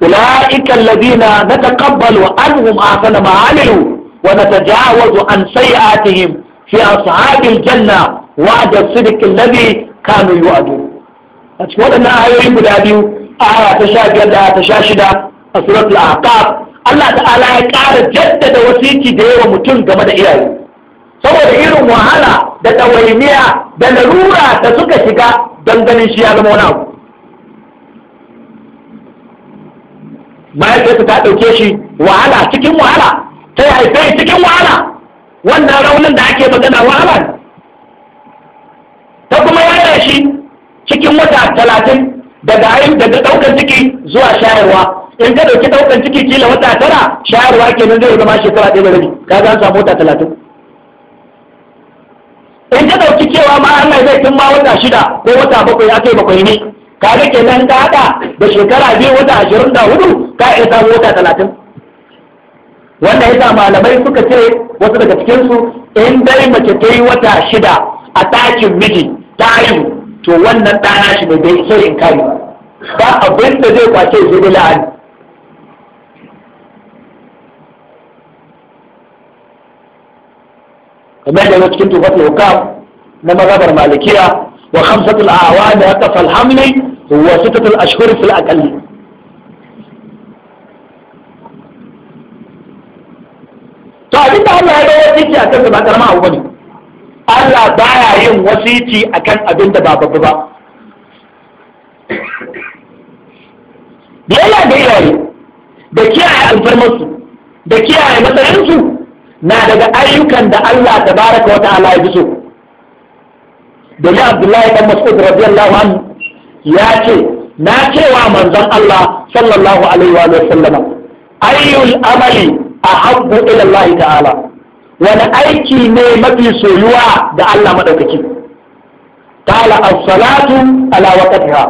أولئك الذين نتقبل عنهم أحسن ما عملوا ونتجاوز عن سيئاتهم في أصحاب الجنة وعد الصدق الذي كانوا يؤدون أتقول أن آية لا أبيو آية تشاكل آية تشاشدة a suratul aqab Allah ta'ala ya ƙara jaddada wasiki da yawa mutum game da iyaye saboda irin wahala da ɗawainiya da larura da suka shiga don ganin shi ya zama wani abu ta ɗauke shi wahala cikin wahala ta yi haife cikin wahala wannan raunin da ake magana wahala ne ta kuma yaya shi cikin wata talatin daga da ɗaukar ciki zuwa shayarwa in ka dauki daukan ciki kila wata tara shayarwa kenan zai zama shekara ɗaya da rabi ka ga samu wata talatin in ka dauki cewa ma Allah zai tun ma wata shida ko wata bakwai akai bakwai ne ka ga kenan ka hada da shekara biyu wata ashirin da hudu ka iya samu wata talatin wanda ya sa malamai suka ce wasu daga cikinsu in dai mace ta yi wata shida a takin miji ta haihu to wannan ɗana shi ne bai sai in kare ba abin da zai kwace zai la'ani فماذا لو تكنت فتل حكام نما غبر مالكية وخمسة الأعوام هتف الحمل هو ستة الأشهر في الأقل فأنت طيب، الله هذا وسيتي أكن بعد رماء أولي الله بايا يوم وسيتي أكن أبنت باب الضباء بيلا بيلا بكيا يا أنفر مصر بكيا يا مصر na daga ayyukan da Allah ta baraka wata ta'ala ya so domin Abdullahi dan Mas'ud radiyallahu anhu ya ce na cewa manzon Allah sallallahu alaihi wa sallama ayyul amali ahabbu ila Allah ta'ala wani aiki ne mafi soyuwa da Allah madaukaki qala as-salatu ala waqtiha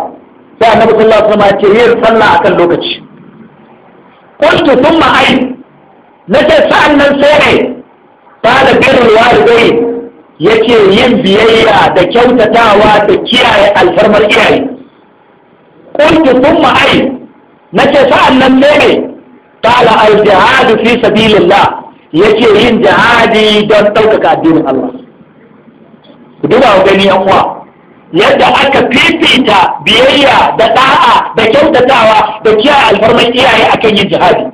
sai annabi sallallahu alaihi wa sallama ce yin sallah akan lokaci qultu thumma ayy nace sa'an nan sai ne ba da birin walidai yake yin biyayya da kyautatawa da kiyaye alfarmar iyaye kuntu thumma ai nake sa'an nan sai ne qala al jihadu fi sabilillah yake yin jihadi don ɗaukaka addinin Allah ku duba gani yan uwa yadda aka fifita biyayya da ɗa'a da kyautatawa da kiyaye alfarmar iyaye akan yin jihadi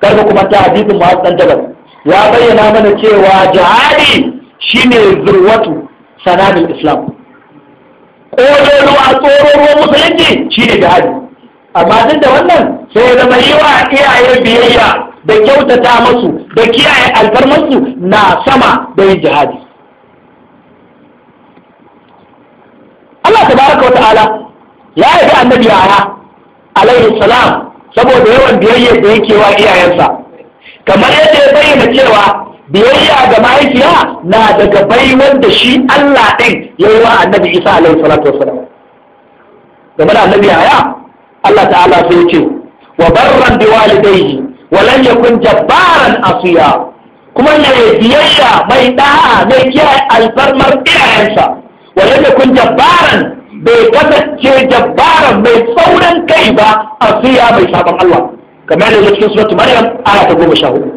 kar kuma ta hadisin Mu'adh Jabal ya bayyana mana cewa jihadi shine zurwatu sanadin Islam Ko kodoro a tsoro musulunci shine jihadi amma duk da wannan sai zama yi wa iyaye biyayya da kyautata masu da kiyaye alfarmarsu na sama da yin jihadi Allah Ta baraka wa ta'ala ya yi annabi yaya alaihi salam saboda yawan biyayya da yake wa iyayensa kamar yadda ya bayyana cewa biyayya ga mahaifiya na daga baiwar da shi Allah ɗin ya yi wa annabi Isa alaihi salatu wasalam game da annabi aya? Allah ta'ala sai ce wa barran bi walidayhi wa lam yakun jabbaran asiya kuma ne biyayya mai da'a mai kiyaye alfarmar iyayensa wa lam yakun jabbaran bai kasance jabbaran mai sauran kai ba a siya mai sabon Allah kamar da cikin suratu Maryam aya ta goma sha hudu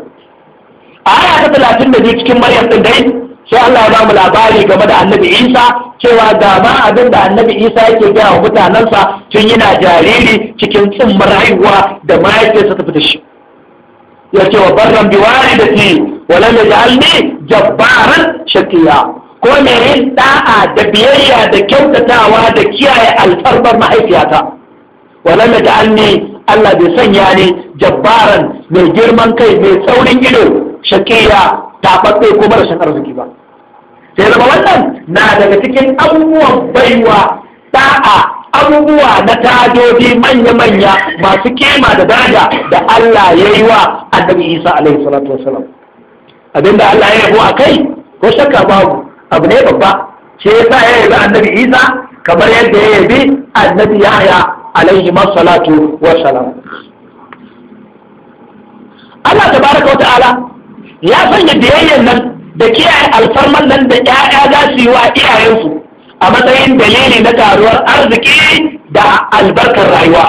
aya ta talatin da biyu cikin Maryam ɗin dai sai Allah ya mu labari game da Annabi Isa cewa dama ma abin da Annabi Isa yake gaya wa mutanensa tun yana jariri cikin tsimmar haihuwa da mahaifiyarsa ta fita shi ya ce wa barran biwari da ti walan da jabbaran shakiya ko mai yin ɗa'a da biyayya da kyautatawa da kiyaye alfarbar mahaifiyata wala mai da ne Allah bai sanya ne jabbaran mai girman kai mai saurin ido shakiya taɓaɓɓe ko mara shan arziki ba sai zama wannan na daga cikin abubuwan baiwa ɗa'a, abubuwa na tajoji manya-manya masu kima da daraja da Allah ya yi wa annabi Isa alaihi salatu wasalam abinda Allah ya yabo a kai ko shakka babu abu ne babba shi yasa ya yabi annabi isa kamar yadda ya yabi annabi yahya alaihi masalatu wa salam Allah tabaraka wa ta'ala ya sanya biyayyan nan da kiyaye alfarman nan da ƴaƴa za su yi wa iyayensu a matsayin dalili na taruwar arziki da albarkar rayuwa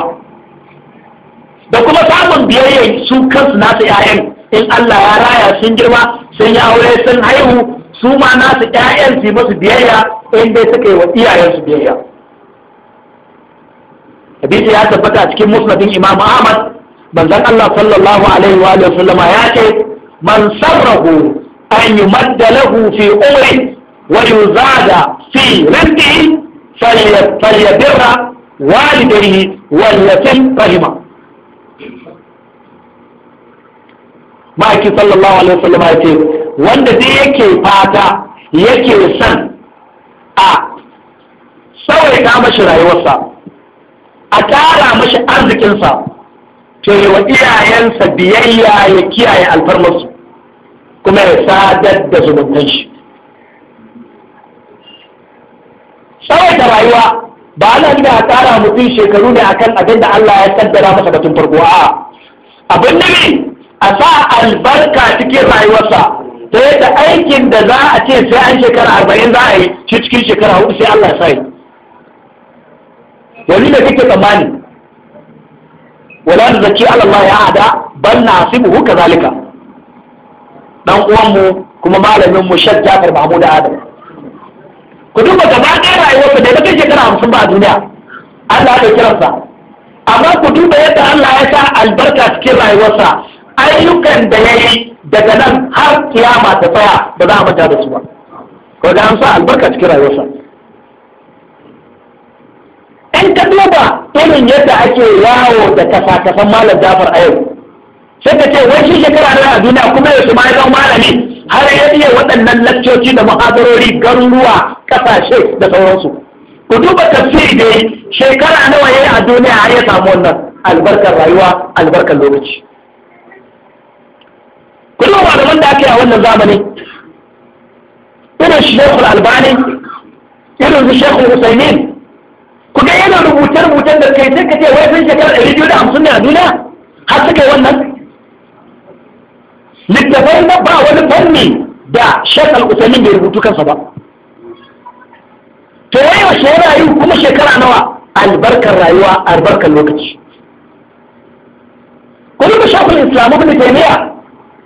da kuma samun biyayyan su kansu nasu ƴaƴan in Allah ya raya sun girma sun yi aure sun haihu su ma nasu ƴaƴan su masu biyayya in dai suka yi wa iyayensu biyayya hadisi ya tabbata a cikin musnadin imam ahmad manzon allah sallallahu alaihi wa sallama ya ce man sarrahu an yumadda lahu fi umri wa yuzada fi rizqihi falyabirra walidayhi wal yatim rahima ma'aiki sallallahu alaihi wa ya ce wanda dai yake fata yake son a tsawaita mashi rayuwarsa a tara mashi arzikinsa to yi wa iyayensa biyayya ya kiyaye alfarmarsu kuma ya sadar da zumuntan shi tsawaita rayuwa ba ana gina a tara mutum shekaru ne akan abin da Allah ya kaddara masa da tun farko a abin da a sa albarka cikin rayuwarsa ta yadda aikin da za a ce sai an shekara arba'in za a yi cikin shekara hudu sai Allah sai yanzu da kake tsammani wala da zaki Allah ya ada bal nasibuhu zalika dan uwanmu kuma malamin mu Sheikh Jafar Mahmud Adam ku duba gaba ɗaya rayuwarsa da ya kai shekara hamsin ba a duniya Allah ya kiransa amma ku duba yadda Allah ya sa albarka cikin rayuwarsa ayyukan da ya yi daga nan har kiyama ta tsaya ba za a manta da su ba ko da an sa albarka cikin rayuwarsa in ka duba irin yadda ake yawo da kasa-kasan malam jafar a yau sai ka ce wai shi shekara na a duniya kuma ya su ma malami har ya iya waɗannan lakcoci da muhadarori garuruwa ƙasashe da sauransu ku duba tafsiri dai shekara nawa ya yi a duniya har ya samu wannan albarkar rayuwa albarkar lokaci kuma malaman da aka yi a wannan zamanin irin shekul albani irin su shekul usaimin ku ga yana rubuce-rubucen da kai sai ka ce wai sun shekara ɗari biyu da hamsin ne a duniya har suka yi wannan littafai na ba wani fanni da shekul usaimin bai rubutu kansa ba to wai wa rayu kuma shekara nawa albarkar rayuwa albarkar lokaci kuma shekul islamu bin taimiyya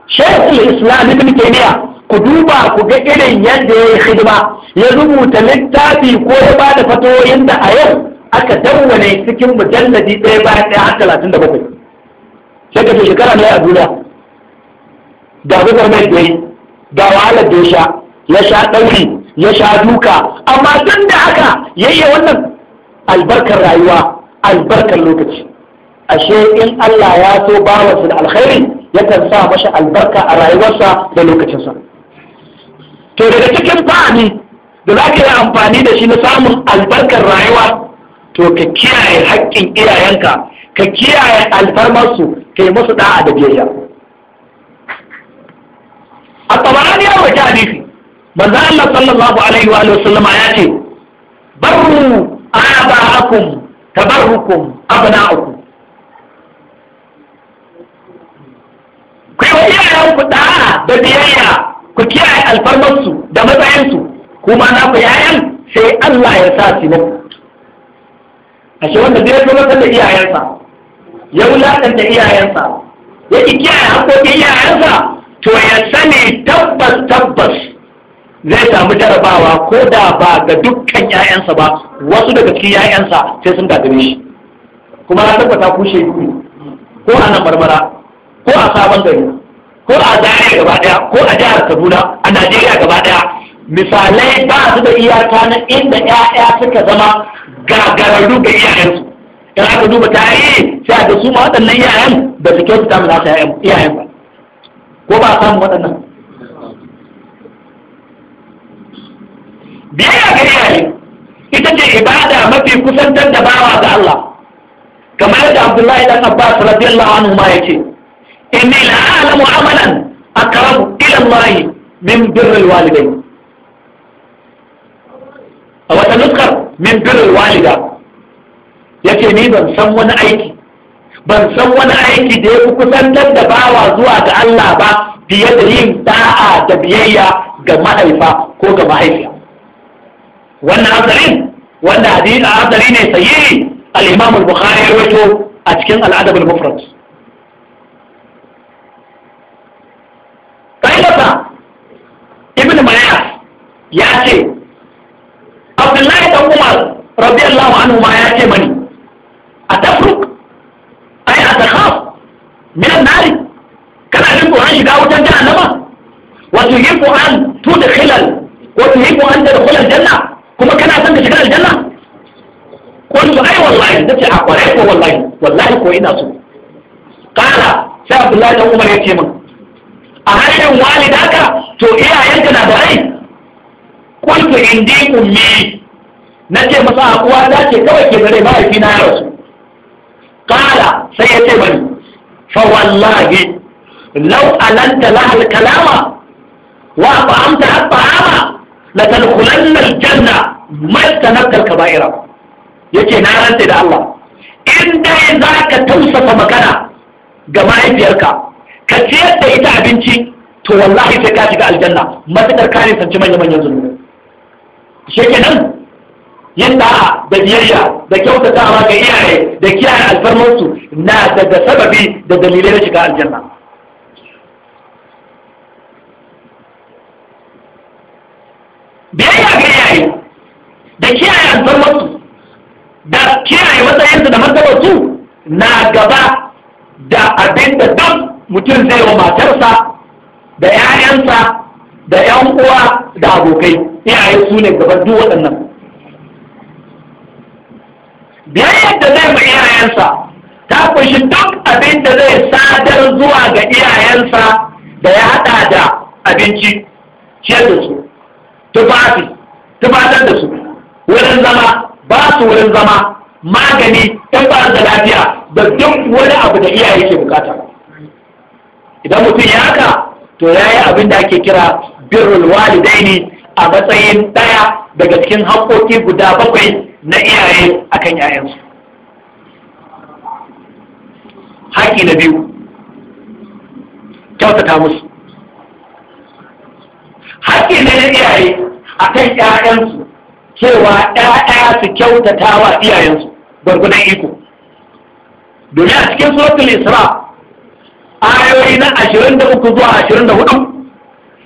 shekul islam ibn taymiya ku duba ku ga irin yadda ya yi hidima ya rubuta littafi ko ya ba da fatoyin da a yau aka dawwane cikin mujalladi ɗaya bayan ɗaya har talatin da bakwai shekara mai a duniya ga mai da yi ga wahalar da ya sha ya sha ɗauri ya sha duka amma tun da haka ya wannan albarkar rayuwa albarkar lokaci ashe in Allah ya so bawansu da alkhairi yakan sa masa albarka a rayuwarsa da lokacinsa to daga cikin fa'ani da za ka yi amfani da shi na samun albarkar rayuwa to ka kiyaye haƙƙin iyayenka ka kiyaye alfarmarsu ka yi musu da'a da biyayya a tsabarani ya wata hadisi manzo Allah sallallahu alaihi wa sallama ya ce barru aba'akum tabarrukum abna'akum 'ya'yanku ku da biyayya ku kiyaye alfarmarsu da matsayinsu kuma na ku 'ya'yan sai Allah ya sa su muku ashe wanda zai zo da iyayensa ya da iyayensa ya ki kiyaye haƙoƙin iyayensa to ya sani tabbas tabbas zai samu jarabawa ko da ba ga dukkan 'ya'yansa ba wasu daga cikin 'ya'yansa sai sun gagare shi kuma na tabbata ku shaidu ko a nan marmara ko a sabon gari ko a Zaria gaba daya ko a jihar Kaduna a Najeriya gaba daya misalai ba su da iyaka na inda 'ya'ya suka zama gagararru ga iyayensu in aka duba tarihi sai a ga su ma waɗannan iyayen da su kyautata mu nasa iyayen ba ko ba a samu waɗannan biyayya ga iyaye ita ce ibada mafi kusantar da bawa ga Allah kamar da Abdullahi dan Abbas radiyallahu anhu ma yake إني لا أعلم عملا أقرب إلى الله من بر الوالدين أو تنذكر من بر الوالدة يكيني بن سمون أيكي. بن سمون أيكي ديك كسان تدبا وزوة الله با بيدهين تاعة تبيية جمع إفا كو جمع إفا وانا عزرين وانا عزرين سيئي الإمام البخاري رويته أتكين العدب المفرد ya ce abdullahi dan umar radiyallahu anhu ma ya ce mani a tafruk ai a takhaf min an-nari kana jin an shiga nama wato yi ko an wato yi ko an tadkhulal janna kuma kana son ka shiga aljanna قلت اي والله نفسي اقرأ wallahi, wallahi ko ina so قال sai Abdullahi dan Umar ya ce min a halin walidaka to iyayenka na da rai kuntu indi ummi nace masa uwa ta ce kawai ke bare mahaifi na ya rasu sai ya ce bari fa wallahi law alanta lahal kalama wa at'amta at'ama la tadkhulanna aljanna mastanakal kaba'ira yace na rantse da Allah in dai zaka tausafa magana ga mahaifiyarka ka ciyar da ita abinci to wallahi sai ka shiga aljanna matakar ka ne sanci manya manyan zunubi shekenan yin da'a da biyayya da kyautatawa ga iyaye da kiyaye alfarmarsu na daga sababi da dalilai na shiga aljanna biyayya ga iyaye da kiyaye alfarmarsu da kiyaye matsayinsu da martabarsu na gaba da abin da mutum zai wa matarsa da 'ya'yansa da 'yan uwa da abokai iyaye su ne gaban duk waɗannan biyar da zai ma iyayensa ta kunshi duk abin da zai sadar zuwa ga iyayensa da ya haɗa da abinci ciyar da su tufafi tufatar da su wurin zama ba su wurin zama magani tabbar da lafiya da duk wani abu da iyaye ke bukata idan mutum ya haka to ya yi abin da ake kira birrul ne. a matsayin ɗaya daga cikin haƙoƙi guda bakwai na iyaye akan yayansu haƙi na biyu kyautata musu haƙi na iyaye akan yayansu cewa ɗaya su kyautata wa iyayensu gwargunan iko domin a cikin sokin isra ayoyi na ashirin da uku zuwa ashirin da hudu,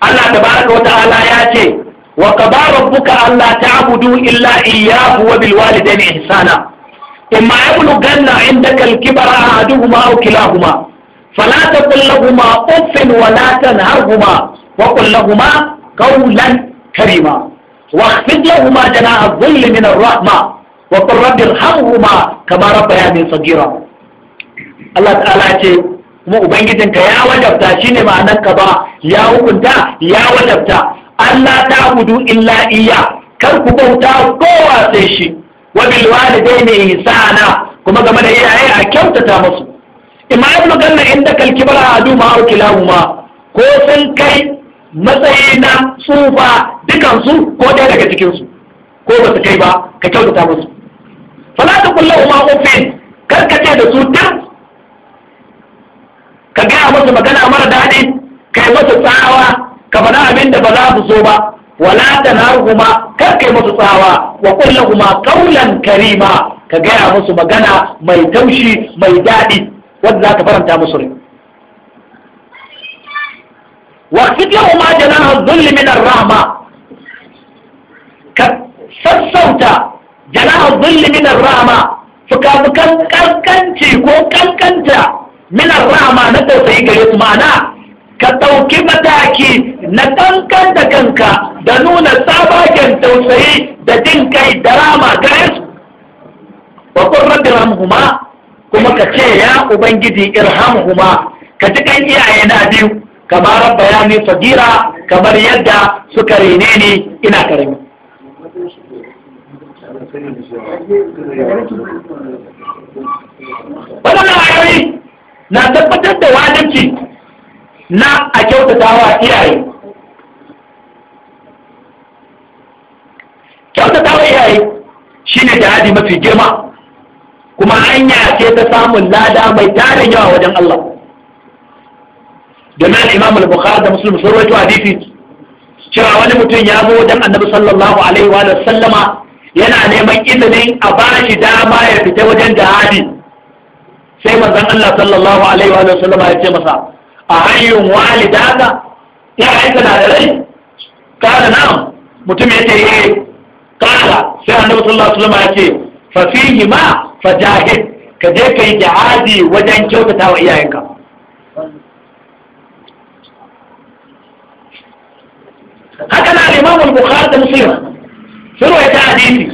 Allah tabaraka wata ala ya ce wa Allah ta alla ta'budu illa iyyahu wa bil walidayni ihsana imma yablughanna 'indaka al-kibara ahaduhuma aw kilahuma فلا تقل لهما اف ولا تنهرهما وقل لهما قولا كريما واخفض لهما جناح الظل من الرحمه وقل رب ارحمهما كما ربياني صغيرا الله تعالى ce kuma ubangijinka ya wajabta shine ma'anar ka ba ya hukunta ya wajabta Allah ta gudu illa iya kar ku bauta kowa sai shi wa bil walidaini ihsana kuma game da iyaye a kyautata musu imam ganna inda kalkibara adu ma au kilahuma ko sun kai matsayi na tsufa dukansu ko ɗaya daga cikinsu ko ba su kai ba ka kyautata musu fala ta kullahu ma ufin kar ka ce da su ta? ka gaya musu magana mara daɗi kai musu tsawa ka faɗa abin da ba za su so ba wala tanarhuma kar kai musu tsawa wa kuma qawlan karima ka gaya musu magana mai taushi mai daɗi wanda za ka faranta musu rai wa fitlahuma janaha dhulli min ar-rahma ka sassauta janaha dhulli min ar-rahma fukafukan kankanci ko kankanta min ar-rahma na tausayi gare su ma'ana ka ɗauki mataki na ɗankan da kanka da nuna sabagen tausayi da jin kai da rama gare su wa rabin ramuhuma kuma ka ce ya ubangiji irhamuhuma ka ji kan iyaye na biyu kamar bayanin sagira kamar yadda suka rene ni ina karami waɗannan ayoyi na tabbatar da wajibci na a kyautata wa iyaye kyautata wa iyaye shi ne jihadi mafi girma kuma hanya ce ta samun lada mai tarin yawa wajen Allah domin al-Imam al-Bukhari da Muslim sun rawaito hadisi cewa wani mutum ya zo wajen Annabi sallallahu alaihi wa sallama yana neman izinin a bashi dama ya fita wajen jihadi sai manzon Allah sallallahu alaihi wa sallama ya ce masa a hanyar wali daga ya aika na da rai kada na mutum ya ce yi kada sai annabi sallallahu alaihi wasallam ya ce fafihi ma fa ka je ka yi jihadi wajen kyautata wa iyayenka haka na limamu bukhari da muslim sun ta hadisi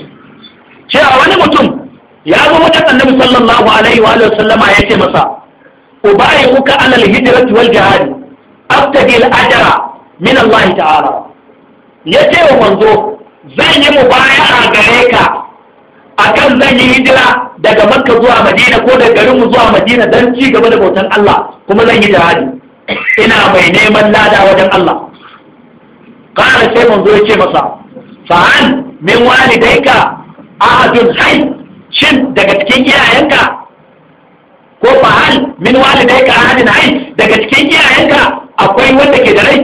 cewa wani mutum ya zo wajen annabi sallallahu alaihi wa sallama ya ce masa ubayyuka alal hijrati wal jihad abtadi al ajra min Allah ta'ala wa manzo zan yi a gare ka akan zan yi hijira daga Makka zuwa Madina ko daga garin zuwa Madina don ci gaba da bautan Allah kuma zan yi jihadi ina mai neman lada wajen Allah kana sai manzo ya ce masa fa'an min ka ahadun hayy shin daga cikin iyayenka ko fa hal min ka ahadin hay daga cikin iyayenka akwai wanda ke da rai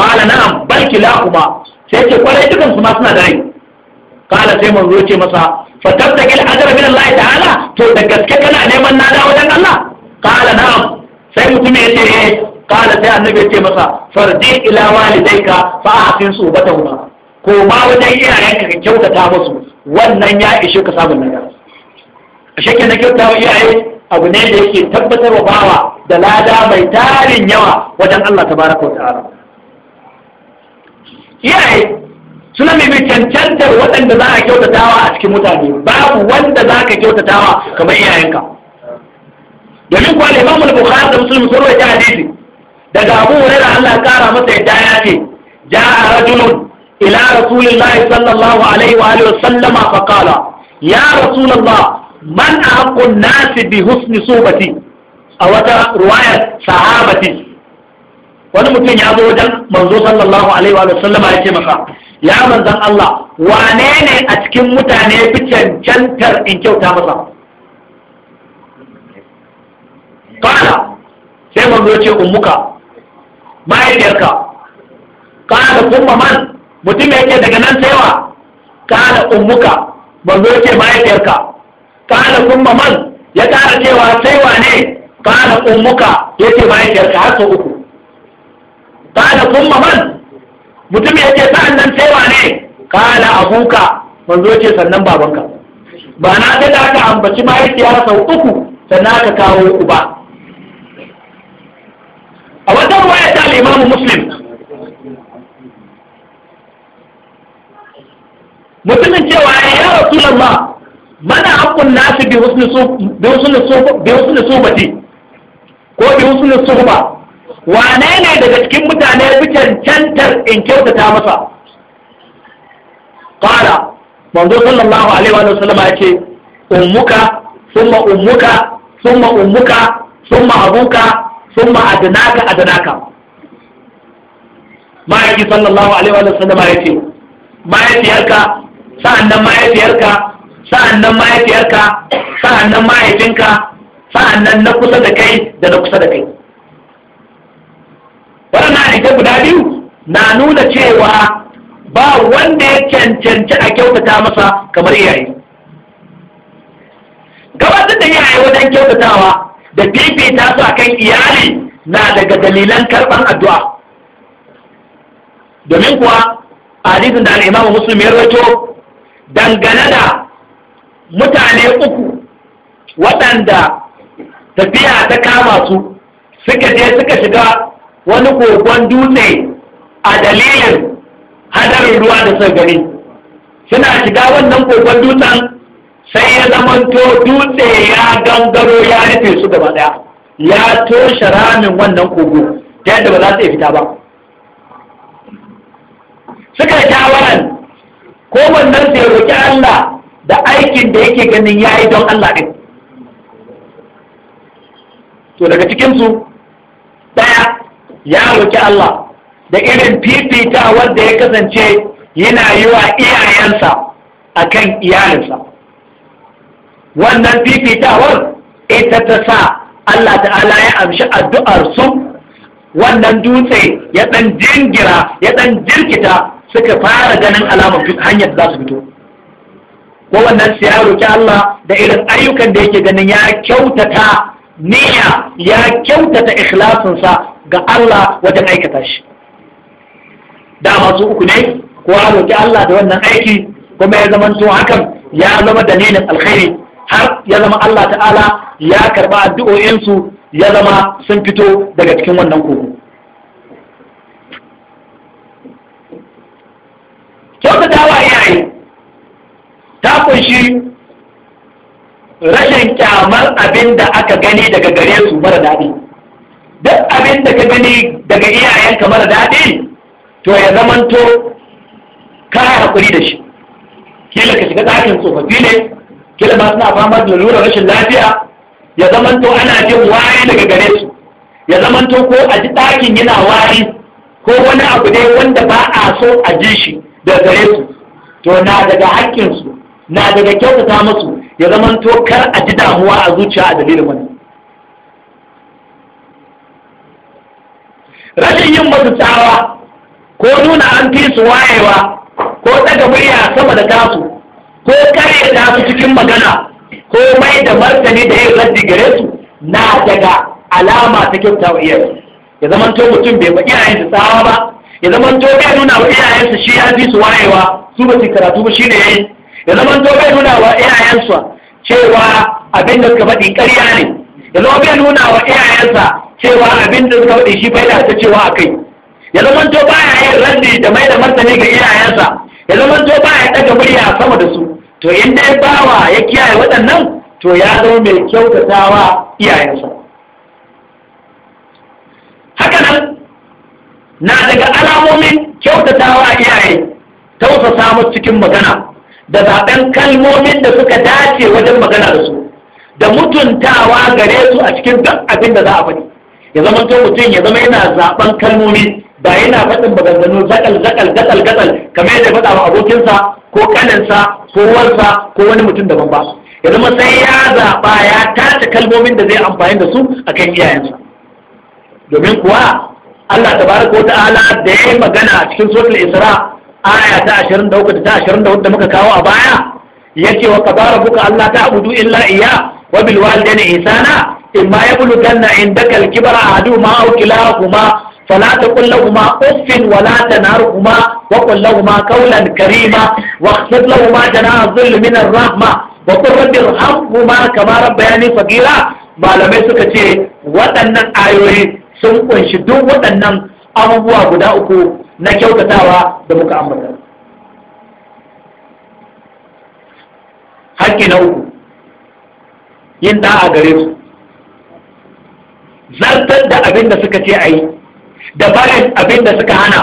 qala na'am bal kilahuma sai ce kwarai dukan su ma suna da rai qala sai manzo ce masa fa tabtaki al-ajra min Allah ta'ala to da gaske kana neman nada wajen Allah qala na'am sai mutum ya ce eh. qala sai annabi ya ce masa fardi ila walidayka fa ahsin su batahuma ko ma wajen iyayenka ka kyautata musu wannan ya ishe ka samun nagara ashe ke na kyauta wa iyaye abu ne da yake tabbatar wa bawa da lada mai tarin yawa wajen Allah baraka wa ta'ala iyaye suna mai cancantar waɗanda za a kyautatawa a cikin mutane babu wanda za ka kyautatawa kamar iyayenka domin kuwa limamu da bukhari da musulmi sun rawaita hadisi daga abu hurairah Allah ya kara masa yadda ya ce ja'a rajulun ila rasulillahi sallallahu alaihi wa alihi wa sallama faqala ya rasulullah man haqqun nasi bi husni subati a wata ruwayar sahabati wani mutum ya zo wajen manzo sallallahu alaihi wa sallama ya ce masa ya manzan Allah wa ne ne a cikin mutane fi cancantar in kyauta masa kala sai manzo ya ce ummuka mahaifiyarka kala kuma man mutum ya ce daga nan saiwa kala ummuka manzo ya ce mahaifiyarka kala kuma man ya kara cewa sai wane kala ummuka ya ce mahaifiyarka har sau uku kala kuma man mutum ya ce sa'an nan sai wane kala abuka manzo ce sannan babanka ba na ga da aka ambaci mahaifiya sau uku sannan aka kawo uku ba. a wata ruwaya ta limamu muslim mutumin cewa ya yi rasu lallah mana haƙƙun nasu bi husnul suhbati ko bi husnul suhba wane ne daga cikin mutane fi cancantar in kyautata masa qala manzo sallallahu alaihi wa sallama ya ce, ummuka summa ummuka summa ummuka summa abuka summa adnaka adnaka ma'aiki sallallahu alaihi wa sallama ya yace mahaifiyarka sa'annan mahaifiyarka sa'annan mahaifiyarka sa'annan mahaifinka sa'annan na kusa da kai da na kusa da kai waɗannan hadisai guda biyu na nuna cewa ba wanda ya cancanci a kyautata masa kamar iyaye gabatar da iyaye wajen kyautatawa da fifita su a kan iyali na daga dalilan karɓar addu'a domin kuwa hadisin da al'imamu musulmi ya rato dangane da mutane uku waɗanda tafiya ta kama su suka je suka shiga wani kogon dutse a dalilin hadarin ruwa da sagari gani suna shiga wannan kogon dutsen sai ya zamanto dutse ya gangaro ya rufe su gaba ɗaya, ya toshe ramin wannan kogo ta yadda ba za su iya fita ba suka shawaran ko wannan sai roƙi Allah da aikin da yake ganin ya yi don Allah ɗin to daga cikinsu ɗaya ya roƙi Allah da irin fifita da ya kasance yana yi wa iyayensa a kan iyalinsa wannan fifitawar ita ta sa Allah ta'ala ya amshi addu'ar su wannan dutse ya ɗan jingira ya ɗan jirkita suka fara ganin alamar hanyar da za su fito ko wannan sai ya roki Allah da irin ayyukan da yake ganin ya kyautata niyya ya kyautata ikhlasinsa ga Allah wajen aikata shi da masu uku ne ko ya roki Allah da wannan aiki kuma ya zama to hakan ya zama dalilin alkhairi har ya zama Allah ta'ala ya karba addu'o'insu ya zama sun fito daga cikin wannan kogo kyautatawa iyaye ta kunshi rashin kyamar abin da aka gani daga gare su mara daɗi duk abin da ka gani daga iyayenka mara daɗi to ya zamanto ka haƙuri da shi kila ka shiga ɗakin tsofaffi ne kila ma suna fama da lura rashin lafiya ya zamanto ana jin wari daga gare su ya zamanto ko a ji ɗakin yana wari ko wani abu ne wanda ba a so a ji shi daga gare su to na daga haƙƙinsu na daga kyautata musu ya zama tokar a ji damuwa a zuciya a dalilin wani rashin yin masu tsawa ko nuna an fi su wayewa ko daga murya sama da tasu ko kare su cikin magana ko mai da martani da yin raddi gare su na daga alama ta kyauta wa ya zama to mutum bai ba iyayen su tsawa ba ya zama to bai nuna wa iyayen su shi ya fi su wayewa su ba su karatu ba ya yi. ya zama to bai nuna wa iyayensa cewa abin da suka faɗi ƙarya ne ya zama bai nuna wa iyayensa cewa abin da suka faɗi shi bai ta cewa a kai ya zama to baya yin ranni da mai da martani ga iyayensa ya zama to baya ɗaga murya sama da su to in dai bawa ya kiyaye waɗannan to ya zama mai kyautatawa iyayensa haka nan na daga alamomin kyautatawa iyaye tausasa musu cikin magana da zaben kalmomin da suka dace wajen magana da su da mutuntawa gare su a cikin duk abin da za a faɗi ya zama to mutum ya zama yana zaben kalmomi ba yana faɗin maganganu zakal zakal zakal zakal kamar yadda faɗa wa abokinsa ko kaninsa ko wansa ko wani mutum daban ba ya zama sai ya zaɓa ya tace kalmomin da zai amfani da su a kan iyayensa domin kuwa Allah tabaraka wa ta'ala da ya yi magana a cikin suratul Isra aya ta ashirin da ta ashirin da muka kawo a baya ce wa qadara buka Allah ta abudu illa iya wa bil walidaini ihsana imma In kanna ya al kibra adu ma au kilahuma fala taqul lahumā uffin wa lā tanharhumā wa qul lahumā qawlan karīmā wa akhfid lahumā janāh adh-dhill min ar-raḥmah wa qul rabbi irḥamhumā kamā rabbayānī faqīrā malamai suka ce waɗannan ayoyi sun kunshi duk waɗannan abubuwa guda uku na kyautatawa da muka ambata hakki na uku yin da'a gare su zartar da abin da suka ce a yi da bayan abin da suka hana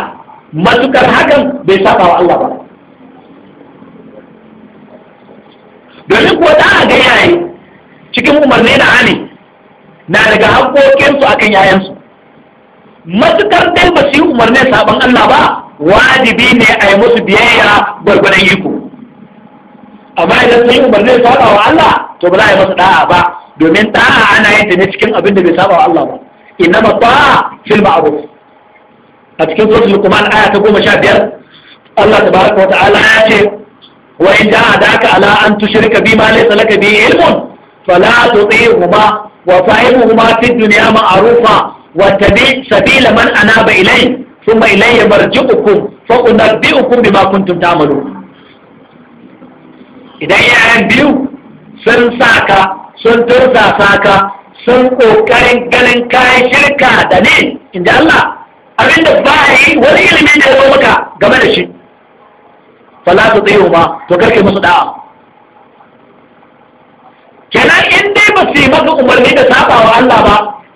matukar hakan bai saba wa Allah ba domin kuwa da'a ga yayi cikin umarni da hane na daga a akan yayansu matukar dai ba su yi umarnin sabon Allah ba wajibi ne a yi musu biyayya gwargwadon ku. amma idan sun yi umarnin saba wa Allah to ba za a yi musu da'a ba domin da'a ana yin ta ne cikin abin da bai saba wa Allah ba inna ma ba fil ma'ruf a cikin suratul luqman aya ta goma sha biyar Allah tabaraka wa ta'ala ya ce wa in daka ala an tushrika bima laysa laka bi ilmun fala tuti'huma wa fa'imuhuma fid dunya ma'rufa Wata sabila man anaba ilai thumma ilayya marji'ukum fa unabbi'ukum bima kuntum ta'malun idan yaran biyu sun saka sun tursa saka sun kokarin ganin kayan shirka da ne inda Allah abinda ba yi wani ilimi da ya maka game da shi fala su tsayo ba to karke musu da'a kenan in dai ba su yi maka umarni da sabawa Allah ba in da ba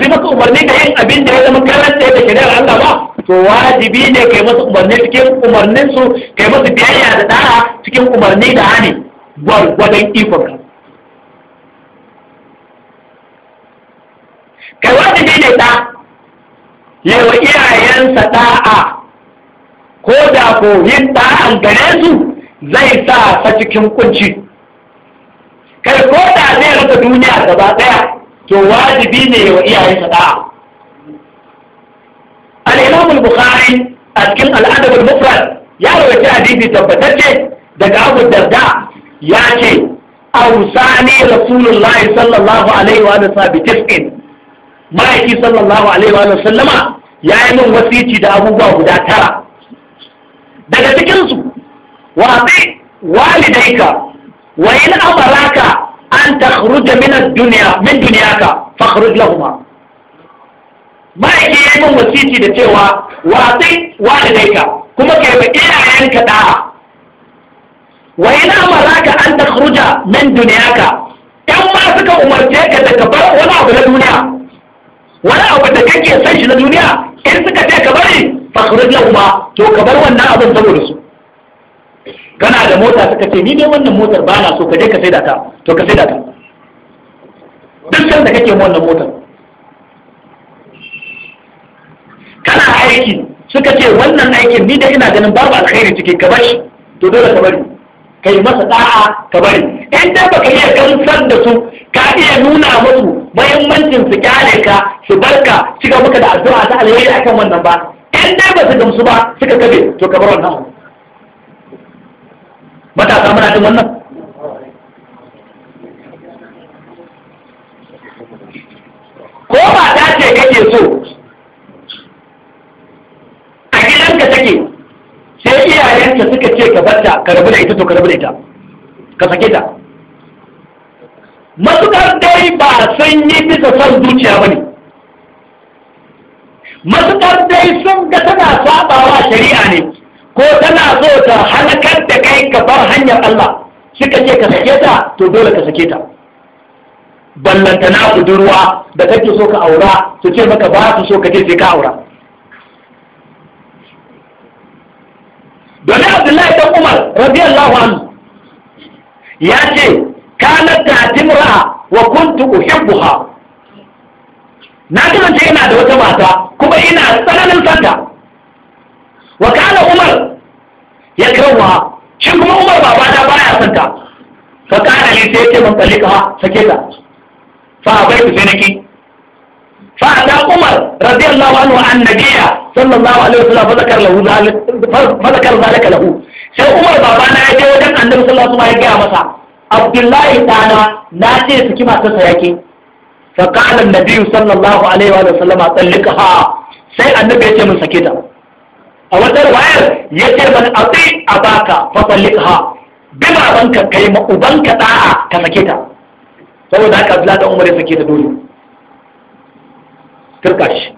su masa umarni da yin abin da ya zama karanta da shari'ar Allah ba to wajibi ne kai masa umarni cikin umarnin su kai masa biyayya da da'a cikin umarni da hani gwargwadon ikon ka kai wajibi ne ta yawa iyayensa da'a ko da ko yin da'an gare su zai sa sa cikin kunci kai ko da zai rasa duniya gaba ɗaya to wajibi ne wa iyayen sa da'a al-imam bukhari a cikin al-adab al-mufrad ya rawaita hadisi tabbatacce daga Abu Darda ya ce awsani rasulullahi sallallahu alaihi wa sallam bi ma'aiki sallallahu alaihi wa sallama ya yi min wasici da abubuwa guda tara daga cikinsu watsi walidaika wa in amaraka an takhruja min ad-dunya min dunyaka fakhruj lahum ma yi min wasiti da cewa wasai walidaika kuma kai wa iyayenka da'a wa ina maraka an takhruja min dunyaka dan ma suka umarce ka daga bar wani abu na duniya wani abu da kake son shi na duniya in suka ce ka bari fakhruj lahum to ka bar wannan abin saboda su kana da mota suka ce ni dai wannan motar ba na so ka je ka saida ta to ka saida ta duk san da kake wannan motar kana aiki suka ce wannan aikin ni dai ina ganin babu alkhairi cikin ka bari to dole ka bari kai masa da'a ka bari in da ka iya gamsar da su ka iya nuna musu muhimmancin su kyale ka su barka shiga muka da addu'a ta alheri akan wannan ba in dai ba su gamsu ba suka kabe to ka bar wannan matasa muna jin wannan ko ba ta ce kake so a gidanka take sai iyayenta suka ce ka bata ka rabu da ita to ka rabu da ita ka sake ta matukar dai ba sun yi bisa son zuciya ba ne matukar dai sun ga tana sabawa shari'a ne ko tana so ta hana da kai ka bar hanyar Allah suka ce ka sake ta to dole ka sake ta ballantana budurwa da kake so ka aura su ce maka ba su so ka je sai ka aura domin abdullahi dan umar radiyallahu anhu ya ce kanat ta timra wa kuntu uhibbuha na kasance ina da wata mata kuma ina tsananin santa wa kana umar ya kawo shi kuma umar baba na baya son ta fa kana ne sai ce man tsallika ha sake ta fa abai ku sai fa ata umar radiyallahu anhu an nabiyya sallallahu alaihi wasallam fa zakar lahu fa zakar zalika lahu sai umar baba na ya je wajen annabi sallallahu alaihi wasallam ya gaya masa abdullahi dana na ce saki matarsa yake fa kana nabiyyu sallallahu alaihi wasallama tsallika ha sai annabi ya ce mun sake ta a wata wayar ya ce a atai a baka bima ban ka kai ma ka da'a ka sake ta saboda haka Abdullah dan Umar ya sake da dole turka shi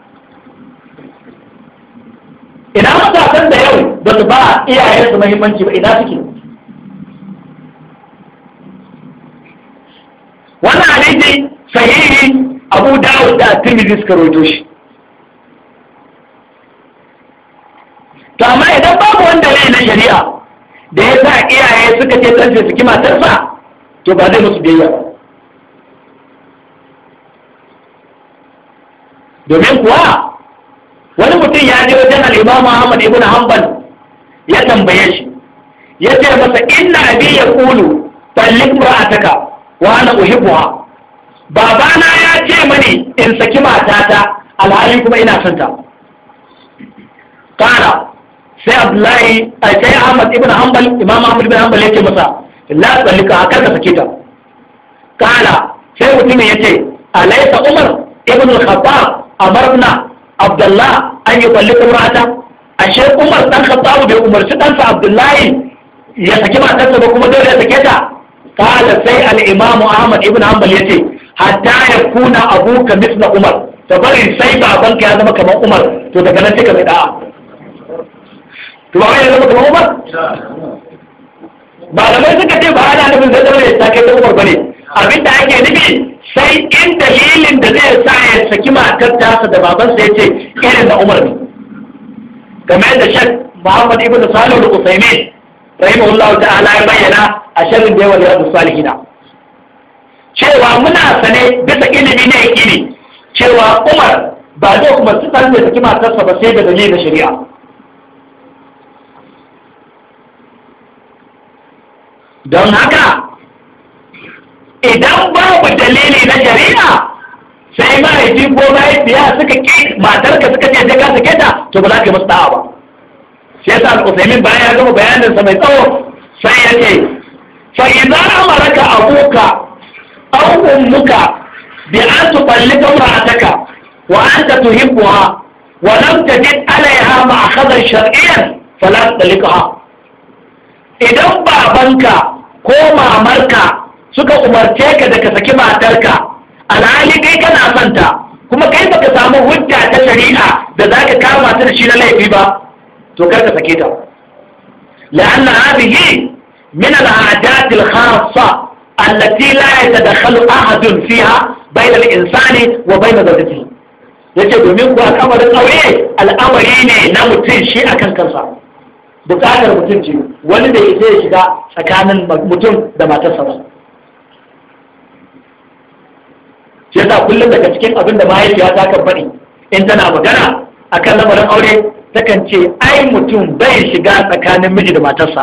ina matasan da yau ba su ba iyayen su muhimmanci ba ina suke wannan hadisi sahihi Abu Dawud da Tirmidhi suka rawaito shi tsari na shari'a da ya sa iyaye suka ce ɗan su ki matarsa to ba zai musu biyayya ba domin kuwa wani mutum ya je wajen al'imam Muhammad ibn Hanbal ya tambaye shi ya ce masa inna abi ya kulu tallik ra'ataka wa ana uhibbuha babana ya ce mani in saki matata alhali kuma ina son ta sai abdullahi sai ahmad ibn hanbal imam ahmad ibn hanbal yake masa la tsallika kar ka sake ta kala sai mutumin yace alaysa umar ibn al-khattab amarna abdullah an yi tsallika murata ashe umar dan khattab bai umarci ɗansa abdullahi ya saki matarsa ba kuma dole ya sake ta kala sai al-imam ahmad ibn hanbal yace hatta ya yakuna abuka mithla umar ta bari sai ka ya zama kamar umar to daga nan sai ka mai da'a to ba zama kamar ba malamai suka ce ba ana nufin zai zama ya sake zama ba ne abinda ake nufi sai in dalilin da zai sa ya saki matar tasa da babansa ya ce irin da umar ne da yadda shek muhammad ibn salim da usaimin rahimahullahu ta'ala ya bayyana a shirin da yawa da rabu salihina cewa muna sane bisa ilimi ne ilimi cewa umar ba zai kuma su ne saki matarsa ba sai da dalilin shari'a don haka idan babu dalili na jarida, sai mahaifi ko mahaifiya suka ƙi matarka suka ce ka suke ta to ba za ka yi musu ba sai yasa al-Usaimin bayan ya gama sa mai tsawo sai ya ce fa idza amaraka abuka aw ummuka bi an tuqallika imra'ataka wa anta tuhibbuha wa lam tajid 'alayha ma'khadhan shar'iyyan fala tuqallikaha idan babanka ko mamarka suka umarce ka da ka saki matarka alhali kai kana son ta kuma kai baka samu hujja ta shari'a da za ka kama ta da shi na laifi ba to kar ka sake ta la'anna hadhihi min al'adat al-khassa allati la yatadakhalu ahadun fiha bayna al-insani wa bayna zawjatihi yace domin ku kamarin aure al'amari ne na mutum shi akan kansa bukatar mutum ce wani da ya zai shiga tsakanin mutum da matarsa ba shi yasa kullum daga cikin abin da mahaifiya ta kan faɗi in tana magana akan lamarin aure takan ce ai mutum bai shiga tsakanin miji da matarsa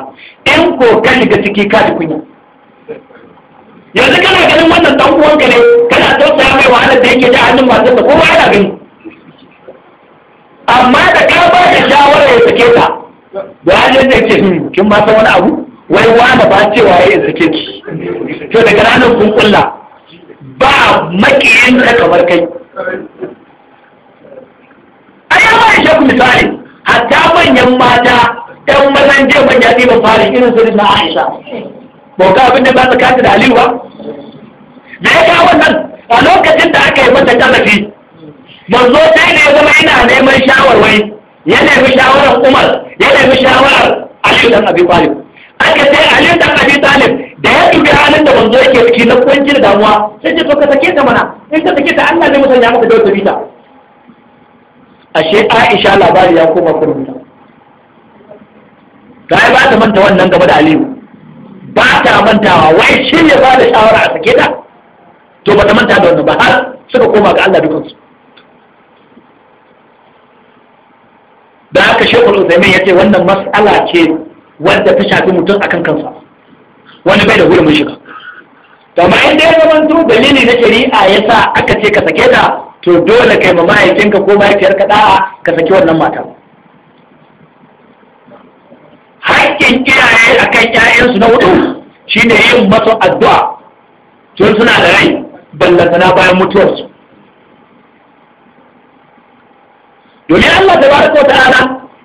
in ko ka shiga ciki ka ji kunya yanzu kana ganin wannan dan uwanka ne kana tausaya mai wahalar da yake da hannun matarsa ko kowa yana gani amma da ka ba da shawara ya sake ta da hajjar da ke kin ba san wani abu wai wani ba cewa ya yin sake ki to daga ranar kun kulla ba makiyin ka kamar kai ai ya shi ku misali hatta manyan mata ɗan mazan jiya manya ɗiba fari irin su na aisha bauta abin da ba tsakanta da aliyu ba da ya kawo wannan a lokacin da aka yi mata tallafi manzo sai ne ya zama ina neman shawarwari ya nemi shawarar umar ya nemi shawarar aliyu dan abi talib aka sai aliyu dan abi talib da ya dubi halin da manzo yake ciki na da damuwa sai ce to ka sake ta mana in ka sake ta Allah zai musanya maka da wata bita ashe Aisha labari ya koma kurmuta ta yi ba ta manta wannan gaba da aliyu ba ta mantawa wai shi ne ba da shawara a sake ta to ba ta manta da wannan ba har suka koma ga Allah dukansu da haka shekul usaimin ya ce wannan mas'ala ce wadda ta shafi mutum akan kansa wani bai da mun shiga amma ya zama zamanto dalili na shari'a ya sa aka ce ka sake ta to dole kai ma mahaifinka ko ka da'a ka saki wannan mata haƙƙin iyaye akan ƴaƴansu na hudu shine yin masu addu'a tun suna da rai ballantana bayan mutuwarsu domin Allah ko ta'ala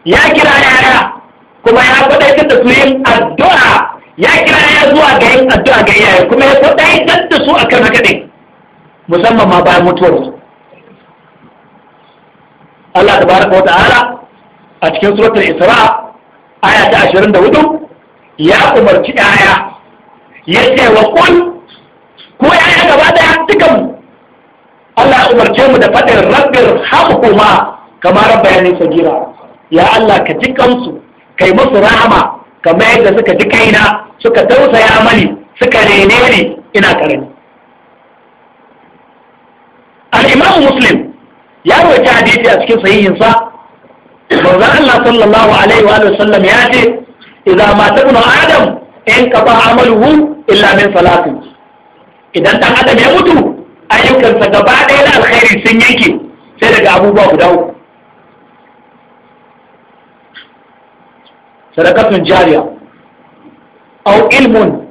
ya kira yaya kuma ya faɗaitar da su yin addu'a ya kira ya zuwa ga yin addu'a ga iyaye kuma ya faɗaitar da su akan haka ne musamman ma bayan mutuwar su Allah da tabaraka ta'ala a cikin suratul Isra aya ta 24 ya umarci yaya ya ce wa kun ko yaya gaba da daya dukan Allah ya umarce mu da faɗin rabbir haƙuma kamar bayanin sagira ya Allah ka ji kansu kai musu rahama kamar yadda suka ji kaina suka tausaya mani suka rene ni ina karami al-imam muslim ya rawaita hadisi a cikin sahihinsa manzon Allah sallallahu alaihi wa sallam ya ce idan mata ibn adam in qata amaluhu illa min salatin idan dan adam ya mutu ayyukansa gaba ɗaya na alkhairi sun yanke sai daga abubuwa guda uku sadakatun jariya au ilmun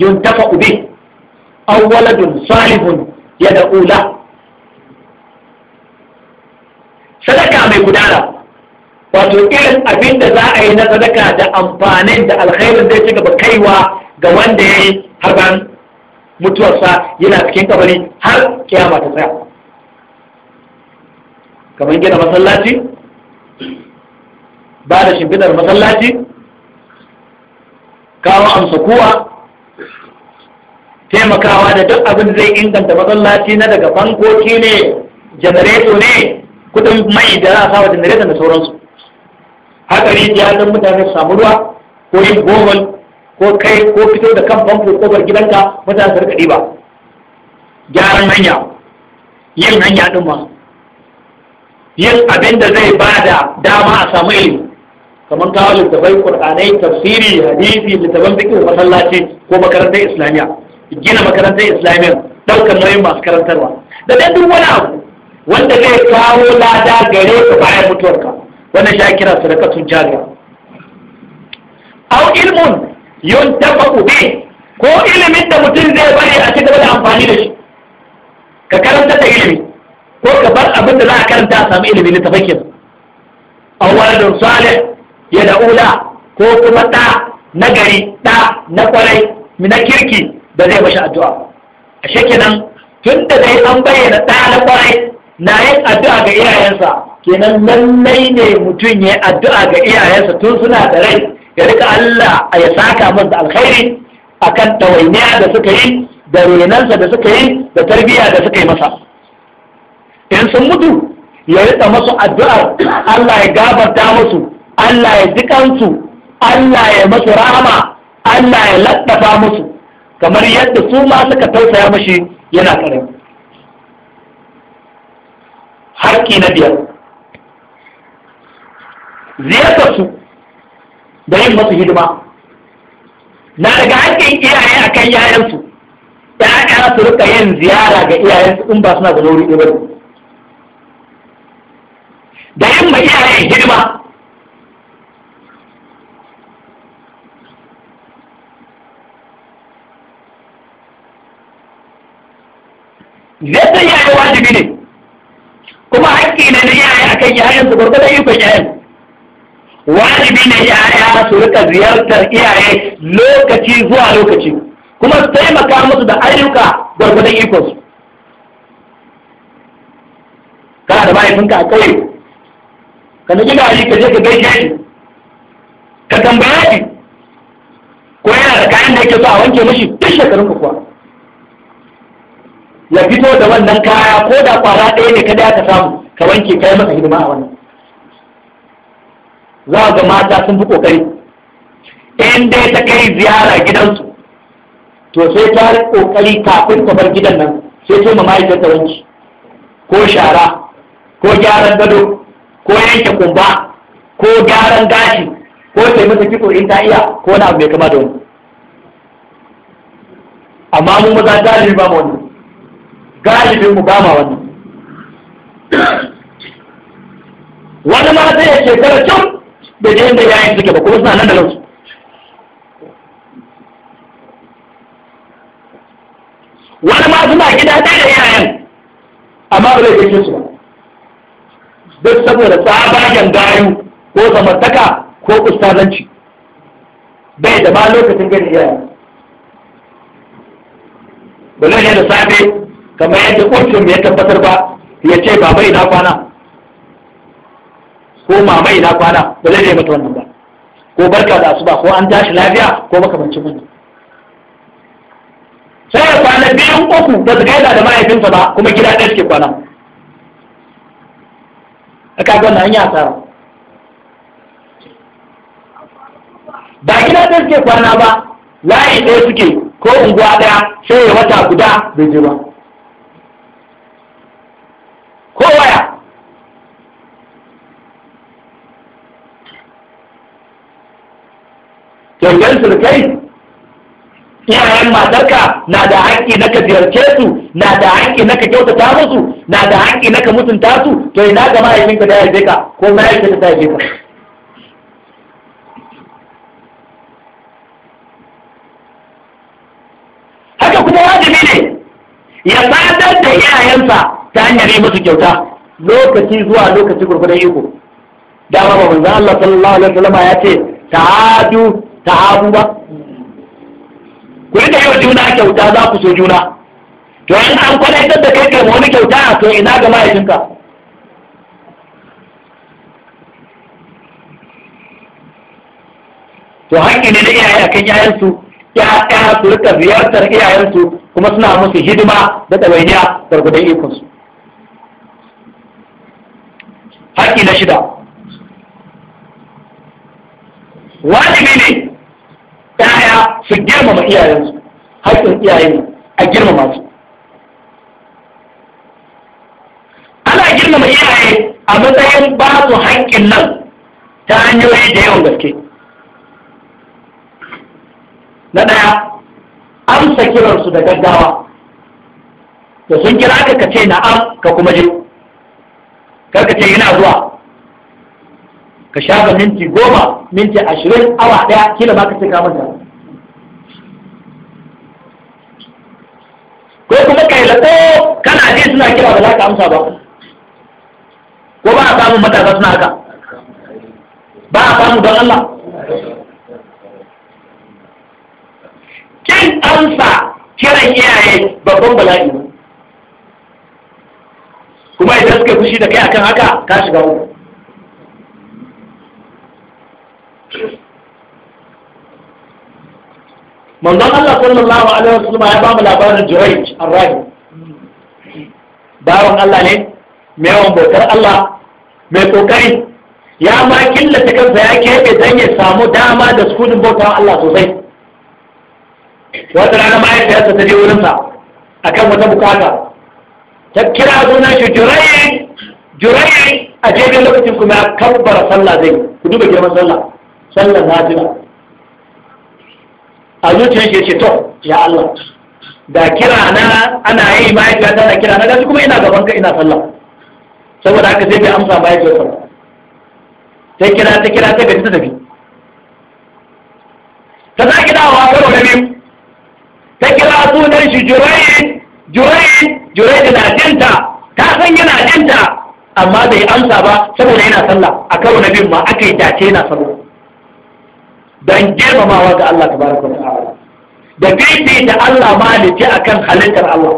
yuntafa'u bih aw waladun salihun yad'u la sadaka mai gudana wato irin abin da za a yi na sadaka da amfanin da alkhairin zai ci gaba kaiwa ga wanda ya yi harban mutuwarsa yana cikin kabari har kiyama ta tsaya kamar gina masallaci ba da shimfidar masallaci kawo amsa kuwa taimakawa da duk abin zai inganta masallaci na daga fankoki ne janareto ne kudin mai da za a sawa janareto da sauransu haka ya don mutane samu ruwa ko yin gomal ko kai ko fito da kan famfo ko bar gidanka mutane su rika ba gyaran hanya yin hanya din ma yin abin da zai ba da dama a samu ilimi kamar kawo littafai qur'anai tafsiri hadisi littafan fiqh masallaci ko makarantar islamiyya. gina makarantar islamiya daukar nauyin masu karantarwa da dai duk wani abu wanda zai kawo lada gare ka bayan mutuwarka wannan shi kira sadaqatun jariya aw ilmun tafa bi ko ilimin da mutum zai bari a cikin da amfani da shi ka karanta da ilimi ko ka bar abin da za a karanta a samu ilimi littafin kin awwaladun salih ya ula ko kuma ɗa na gari ɗa na kwarai na kirki da zai mashi addu'a a shekinan tun da dai an bayyana ɗa na kwarai na yin addu'a ga iyayensa kenan lallai ne mutum ya addu'a ga iyayensa tun suna da rai ya rika Allah a ya saka min da alkhairi akan ɗawainiya da suka yi da renansa da suka yi da tarbiyya da suka yi masa in sun mutu ya rika masu addu'ar Allah ya gabata musu Allah ya ji kansu Allah ya masu rahama Allah ya laddafa musu kamar yadda su ma suka tausaya mashi yana kare haƙƙi na biyar ziyartar da yin masu hidima na daga haƙƙin iyaye a kan yayansu ya'ya su rika yin ziyara ga iyayensu in ba suna da wuri ɗaya da yin ma iyayen hidima wajibi ne kuma haƙƙi ne na yaya a kan yayan su gwargwadon ikon yayan wajibi ne yaya su rika ziyartar iyaye lokaci zuwa lokaci kuma su taimaka musu da ayyuka gwargwadon ikon su kana da mahaifinka a kauye ka na gina ka je ka gaishe shi ka tambaya shi ko yana da kayan da yake so a wanke mashi duk shekarun kuwa ya fito da wannan kaya ko da kwara ɗaya ne kada ka samu ka wanke kai masa hidima a wannan za ga mata sun fi kokari in dai ta kai ziyara gidansu to sai ta yi kokari kafin ta bar gidan nan sai ta ma ma'aikata wanki ko shara ko gyaran gado ko yanke kumba ko gyaran gashi ko sai masa kiko in ta iya ko na abu mai kama da wani amma mu maza ta ba mu wannan galibin mu gama wannan wani ma zai ya shekara can da je inda yayin suke ba kuma suna nan da nan wani ma suna gida ɗaya da yayan amma ba zai kashe su ba duk saboda tsabagen gayu ko zamantaka ko ustazanci bai da ma lokacin gani yayan. Bulan ne da safe kamar yadda kuntum ya tabbatar ba ya ce ba mai na kwana ko ma mai na kwana ba zai yi mata wannan ba ko barka da asuba ko an tashi lafiya ko makamanci mun sai ya kwana biyun uku ba su gaida da mahaifinsa ba kuma gida ɗaya suke kwana a kaga wannan hanya asara ba gida ɗaya suke kwana ba layi ɗaya suke ko unguwa ɗaya sai ya wata guda bai je ba ko waya kyautar surkai yayan matarka na da haƙƙi na ka ziyarce su na da haƙƙi na ka kyautata musu na da haƙƙi na ka mutunta su to ina ga mahaifinka da haife ka ko mahaifinka ta haife ka haka kuma wajibi ne ya sadar da iyayensa ta hanyar yi musu kyauta lokaci zuwa lokaci gurgudan iko dama ba manzo Allah sallallahu alaihi wasallam ya ce ta'adu ta'abu ba ku yi yi wa juna kyauta za ku so juna to in an kwalaitar da kai kai wani kyauta to ina ga mahaifinka to haƙƙi ne na iyaye akan yayansu ya su rika ziyartar iyayensu kuma suna musu hidima da ɗawainiya gargudan ikonsu haƙƙi na shida wajibi ne ɗaya su girmama iyayensu haƙƙin iyayen a girmama su ana girmama iyaye a matsayin ba su haƙƙin nan ta hanyoyi da yawan gaske na ɗaya amsa kiransu da gaggawa da sun kira ka ka ce na'am ka kuma ji karka ce yana zuwa ka shafa minti goma minti ashirin awa ɗaya kila ba ka ce kama manta ko kuma kai lako kana ji suna kira ba za ka amsa ba ko ba a samun matasa suna haka ba a samu don Allah kin amsa kiran iyaye babban bala'i ne kuma idan suka fushi da kai akan haka ka shiga uku manzon Allah sallallahu alaihi wasallam ya ba mu labarin Jurayj Ar-Rahi bawan Allah ne mai yawan bautar Allah mai kokari ya ma killata kansa ya keɓe don ya samu dama da sukunin bautar Allah sosai wata rana ma ta je sa akan wata bukata ta kira sunan shi jirai, jirai a daidai lokacin kuma ya kabbar sallah zai ku duba girman sallah sallah na jira a zuciyar shi ce to ya Allah da kira na ana yi mahaifiya tana kira na gasu kuma ina gaban ka ina sallah saboda haka sai bai amsa mahaifiyar sallah ta kira ta kira ta gaji ta tafi ta za ki dawowa karo na biyu ta kira sunan shi jirai. Jure na jinta ta san yana jinta amma bai amsa ba saboda yana sallah a karo na bin ma aka yi dace yana sallah don girmamawa ga Allah tabaraka wa ta'ala da fifi da Allah ma da akan halittar Allah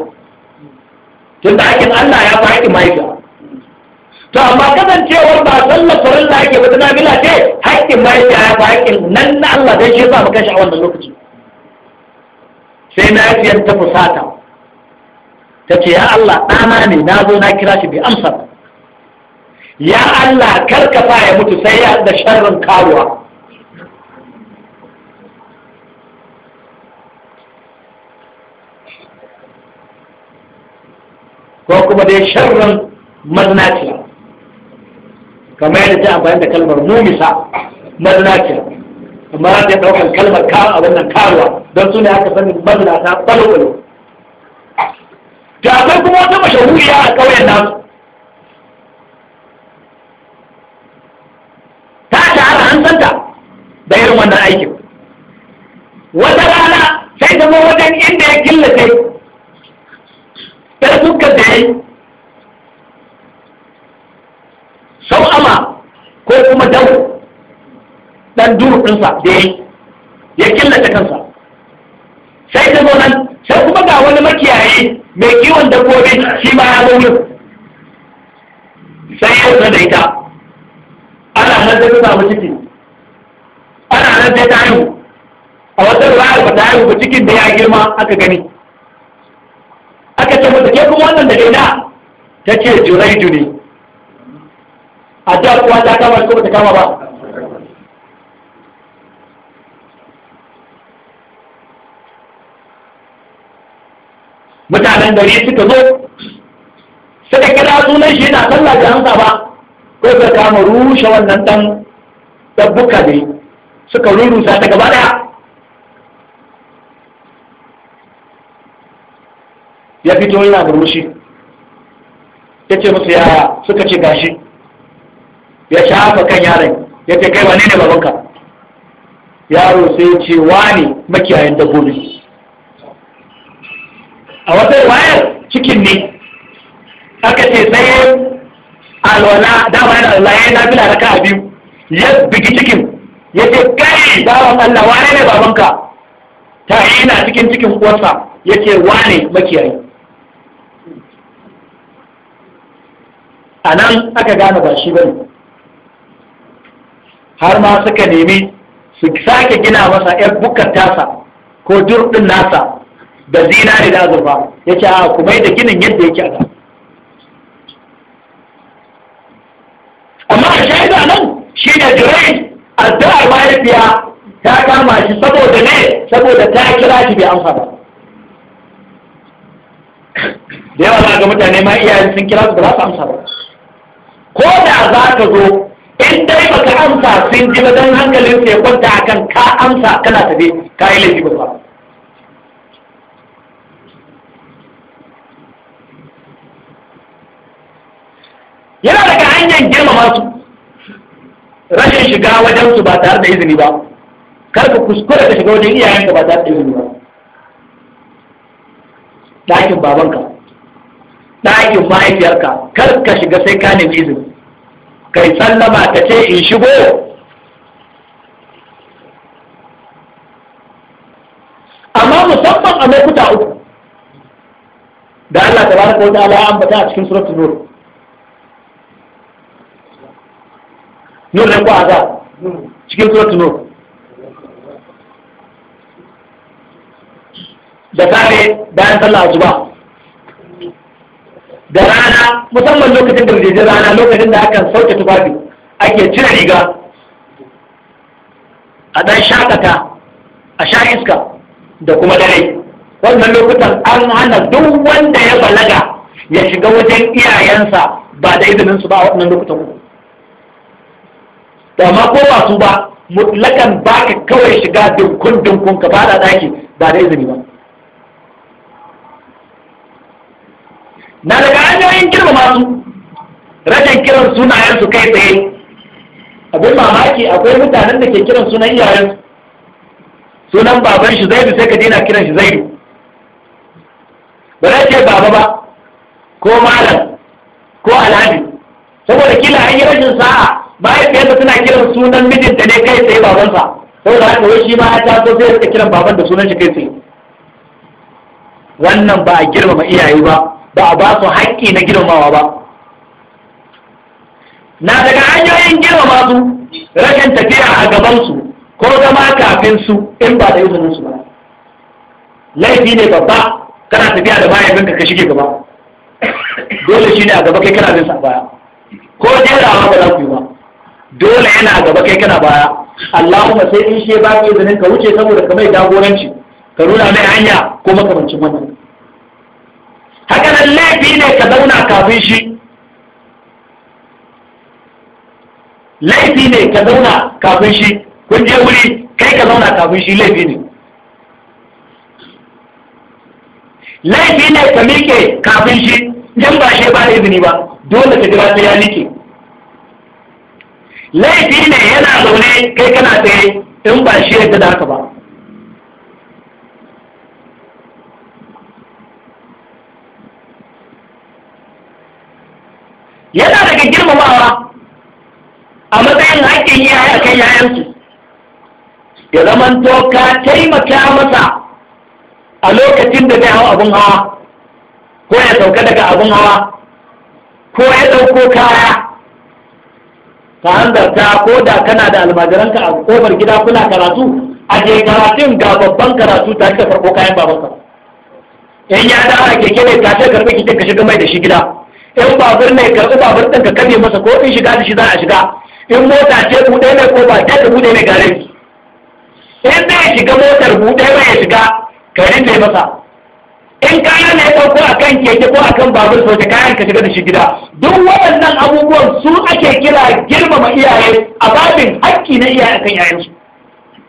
tun da hakin Allah ya fi haƙin mahaifiya to amma kasancewar ba farin da ake ba tana bila ce haƙƙin mahaifiya ya fara haƙin nan na Allah don shi ba maka shi a wannan lokaci sai na yafiyar ta fusata ta ce ya Allah ɗana ne na zo na kira shi bai amsa ba ya Allah karkasa ya mutu sai ya da sharrin karuwa ko kuma dai sharrin mazinaciya kamar yadda ta amfani da kalmar mumisa mazinaciya amma ta ɗaukar kalmar kawo a wannan karuwa don su ne aka sani mazinata ɓalwalo da akwai kuma wata mashahuriya a ƙauyen nasu ta shahara an santa da irin wannan aikin wata rana sai zama wajen inda ya killace ta dukkan da yi sau'ama ko kuma dau dan duru ɗinsa da ya ya killace kansa sai zama nan sai kuma ga wani makiyaye mai kiwon dabbobi shi ma ya zo sai ya zo da ita ana nan da ta samu ciki ana nan da ta haihu a wata ruwayar ba ta haihu cikin da ya girma aka gani aka ce mata ke kuma wannan da daina ta ce juraidu ne a da kuwa ta kama ko ta kama ba mutanen gari suka zo suka kira sunan shi na sallah da hansa ba ko suka kama rushe wannan dan dabbuka ne suka rurusa ta gaba daya ya fito yana murmushi ya ce musu yara suka ce gashi ya shafa kan yaron ya ce kai wane ne babanka yaro sai ce wane makiyayin dabbobi a wata wayar cikin ne aka ce sai alwala dama yana alwala ya yi nafila raka a biyu ya bigi cikin ya ce kai bawan Allah wane ne babanka ta na cikin cikin kwasa ya ce wane makiyayi a nan aka gane ba shi bane har ma suka nemi su sake gina masa 'yar bukkar tasa ko durɗin nasa da zinari da azurfa ya ce a kuma da ginin yadda yake a amma a shaida nan shi da jirai addu'ar mahaifiya ta kama shi saboda ne saboda ta kira shi bai amsa ba da yawa za ga mutane ma iyayen sun kira su ba za su amsa ba ko da za ka zo in dai baka amsa sun ji ba don hankalin sai kwanta akan ka amsa kana tafe ka yi laifi ba hanyar girmama su rashin shiga wajen su ba tare da izini ba kar ka kuskura ka shiga wajen iyayen ka ba tare da izini ba ɗakin babanka ɗakin mahaifiyarka kar ka shiga sai ka nemi izini kai sallama ka ce in shigo amma musamman a lokuta uku da Allah da wa ta'ala ya ambata a cikin suratul nur nun ne ko azab cikin suratul nur da sare bayan sallah asuba da rana musamman lokacin da jirgin rana lokacin da akan sauke tufafi ake cire riga a ɗan shakata a sha iska da kuma dare wannan lokutan an hana duk wanda ya balaga ya shiga wajen iyayensa ba da izininsu ba a waɗannan lokutan uku da ma ko ba su ba mutlakan ba kawai shiga dinkun dinkun ka fada daki ba da izini ba na daga hanyoyin girmama su rashin kiran sunayen su kai tsaye abin mamaki akwai mutanen da ke kiran sunan iyayen sunan baban shi zai sai ka dina kiran shi zai ba za ce baba ba ko malam ko alhaji saboda kila an yi rashin sa'a mahaifiyar an kiran sunan mijinta ne kai tsaye babansa ko da haka shi ma ya taso sai ya kiran baban da sunan shi kai tsaye wannan ba a girmama iyaye ba ba a ba su haƙƙi na girmamawa ba na daga hanyoyin girmama su rashin tafiya a su ko zama kafin su in ba da izinin su ba laifi ne babba kana tafiya da mahaifinka ka shige gaba dole shi ne a gaba kai kana bin sa baya ko jerawa ba za ku yi ba dole yana gaba kai kana baya Allahumma sai in shi ba ki izinin ka wuce saboda ka mai jagoranci ka nuna mai hanya ko makamancin wannan haka nan laifi ne ka zauna kafin shi laifi ne ka zauna kafin shi kun je wuri kai ka zauna kafin shi laifi ne laifi ne ka miƙe kafin shi Idan ba shi ba izini ba dole ka jira sai ya miƙe laifi ne yana zaune kai kana tsaye in ba shi yadda da haka ba yana daga girmamawa a matsayin haƙƙin a kan yayansu ya zama to taimaka masa a lokacin da zai hau abin hawa ko ya sauka daga abin hawa ko ya ɗauko kaya ka hanzarta ko da kana da almajiranka a kofar gida kuna karatu a ke karatun ga babban karatu ta da farko kayan babanka in ya dawo a keke ne kashe karɓi kitin ka shiga mai da shi gida in babur ne karbi babur ɗin ka kame masa ko in shiga da shi za a shiga in mota ce buɗe mai ko ba ta buɗe mai gare in zai shiga motar buɗe mai ya shiga ka rinne masa in kaya ne ko a kan keke ko a kan babur so ta kayan ka shiga da shi gida duk waɗannan abubuwan su ake kira girmama iyaye a babin haƙƙi na iyaye kan yayansu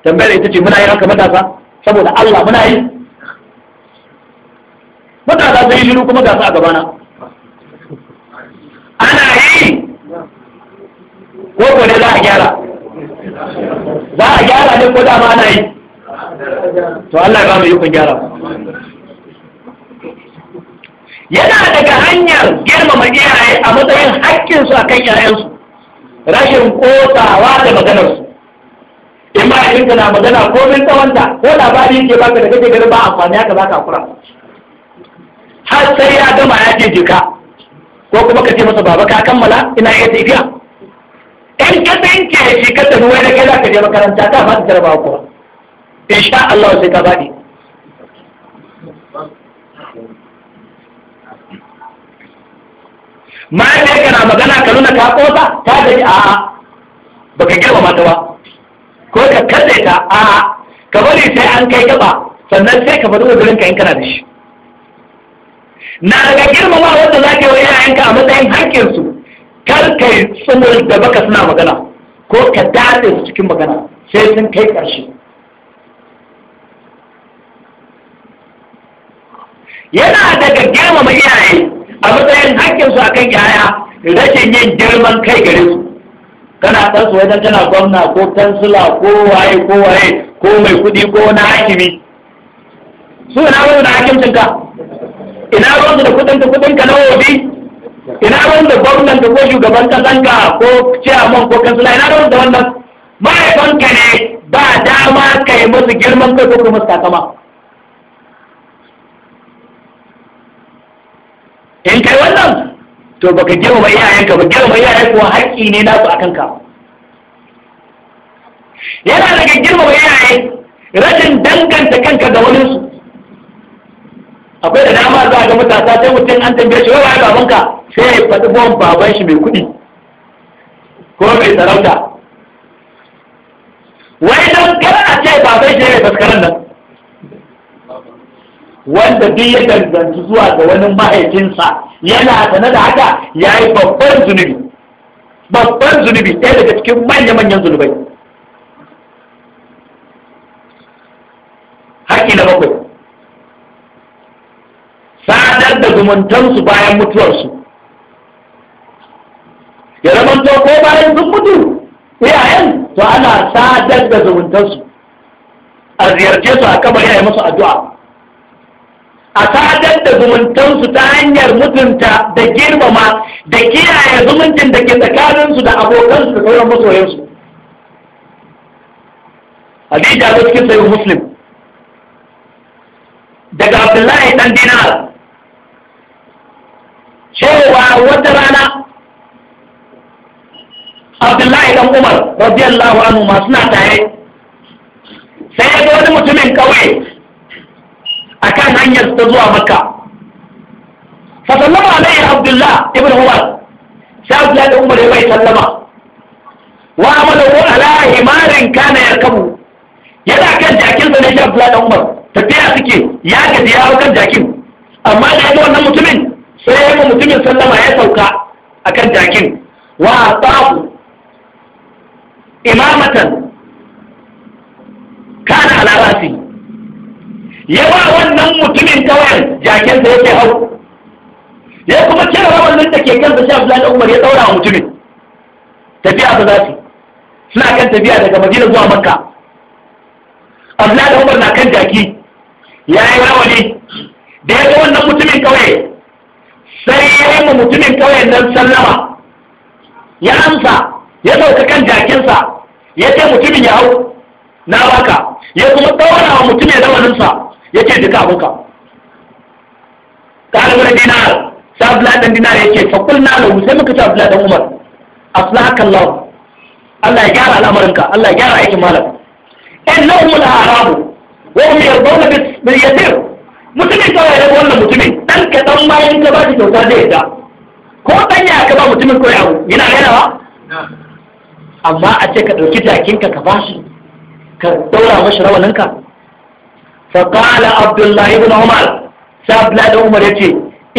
tambayar ita ce muna yi haka matasa saboda Allah muna yi matasa sai shiru kuma gasa a gabana ana yi ko ko ne za a gyara za a gyara ne ko dama ana yi to Allah ya ba mu yi kun gyara yana daga hanyar girmama iyaye a matsayin haƙƙinsu a kan 'ya'yansu, rashin kotawa da maganarsu in ba ɗinka na magana ko min tsawonta ko labari ke baka da kake ganin ba amfani haka zaka kura har sai ya gama ya je jika ko kuma ka ce masa baba ka kammala ina iya tafiya in ka tsinke shi ka tafi wani kai za ka je makaranta ta ba ta jarabawa kuma in sha Allah sai ka baɗi yake na magana ka nuna ka kosa ta gaji a'a baka girmama mata ba ko ka kalle ta a'a ka bari sai an kai gaba sannan sai ka faɗi wajen ka in kana da shi na daga girmama wanda za ka yi wa yayanka a matsayin su kar ka yi tsumul da baka suna magana ko ka dace su cikin magana sai sun kai ƙarshe yana daga girmama iyaye a matsayin hakkinsu a kan yaya rashin yin girman kai gare su kana ɗan su wajen kana gwamna ko kansila ko waye ko waye ko mai kuɗi ko na hakimi su ina wani da hakimcin ka ina ruwan da kudin ka kudin ka na wobi ina ruwan da gwamnan ka ko shugaban ka ka ko ciyaman ko kansila ina ruwan da wannan mahaifanka ne ba dama kai musu girman kai ko kuma sakama in kai wannan to baka girmama iyayenka ba girmama iyayen kuwa haƙƙi ne nasu akan ka yana daga girmama iyaye rashin danganta kanka ga wani su akwai da dama za ga matasa sai mutum an tambaye shi wai ka?" sai ya faɗi bon baban shi mai kuɗi ko mai sarauta wai don kar a ce baban shi ne faskaran nan wanda duk ya danganci zuwa ga wani mahaifinsa yana sanar da haka ya yi babban zunubi babban zunubi ɗaya daga cikin manya-manyan zunubai haƙƙi na bakwai sadar da zumuntansu bayan mutuwarsu ya zamanto ko bayan sun mutu iyayen to ana sadar da zumuntansu a ziyarce su a kamar yaya masu addu'a a sadar da zumuntansu ta hanyar mutunta da girmama da kiyaye zumuncin da ke tsakaninsu da abokansu da sauran masoyansu hadisi ta cikin sayin muslim daga abdullahi ɗan dinar cewa wata rana abdullahi Ɗan umar radiyallahu anhu ma suna tare sai ya ga wani mutumin kawai akan hanyar ta zuwa makka fa sallama abdullah ibn umar sai abdullah da umar ya bai sallama wa wa ala himarin kana yarkabu yana kan jakin sa ne shi abdullah da umar tafiya suke ya gaji ya hau kan jakin amma da yaji wannan mutumin sai ya yi mutumin sallama ya sauka a kan jakin wa tsafu imamatan kana ala rasi yawa wannan mutumin kawai jakin da yake hau ya kuma kira wannan da ke kan da shafi Abdullahi Umar ya daura mutumin tafiya ta zafi suna kan tafiya daga Madina zuwa Makka Abdullahi Umar na kan jaki ya yi rawani da ya ga wannan mutumin kawai sai ya yi mutumin kawai nan sallama ya amsa ya sauka kan jakinsa ya ce mutumin ya hau na baka ya kuma daura wa mutumin rawaninsa yace duka abuka qala wa dinar sa abdullah dan dinar ce. fa na lahu sai muka ce abdullah dan umar aslaka allah Allah ya gyara al'amarinka Allah ya gyara aikin malam innahum al-arabu wa hum yardawna bil yatir mutumin kawai da wannan mutumin dan ka dan bayan ka ba shi kyauta zai yadda ko dan ya ka ba mutumin kawai abu yana yana ba amma a ce ka ɗauki jakinka ka ba shi ka ɗaura mashi rawaninka fa qala abdullah ibn umar sai abdullah ibn umar yace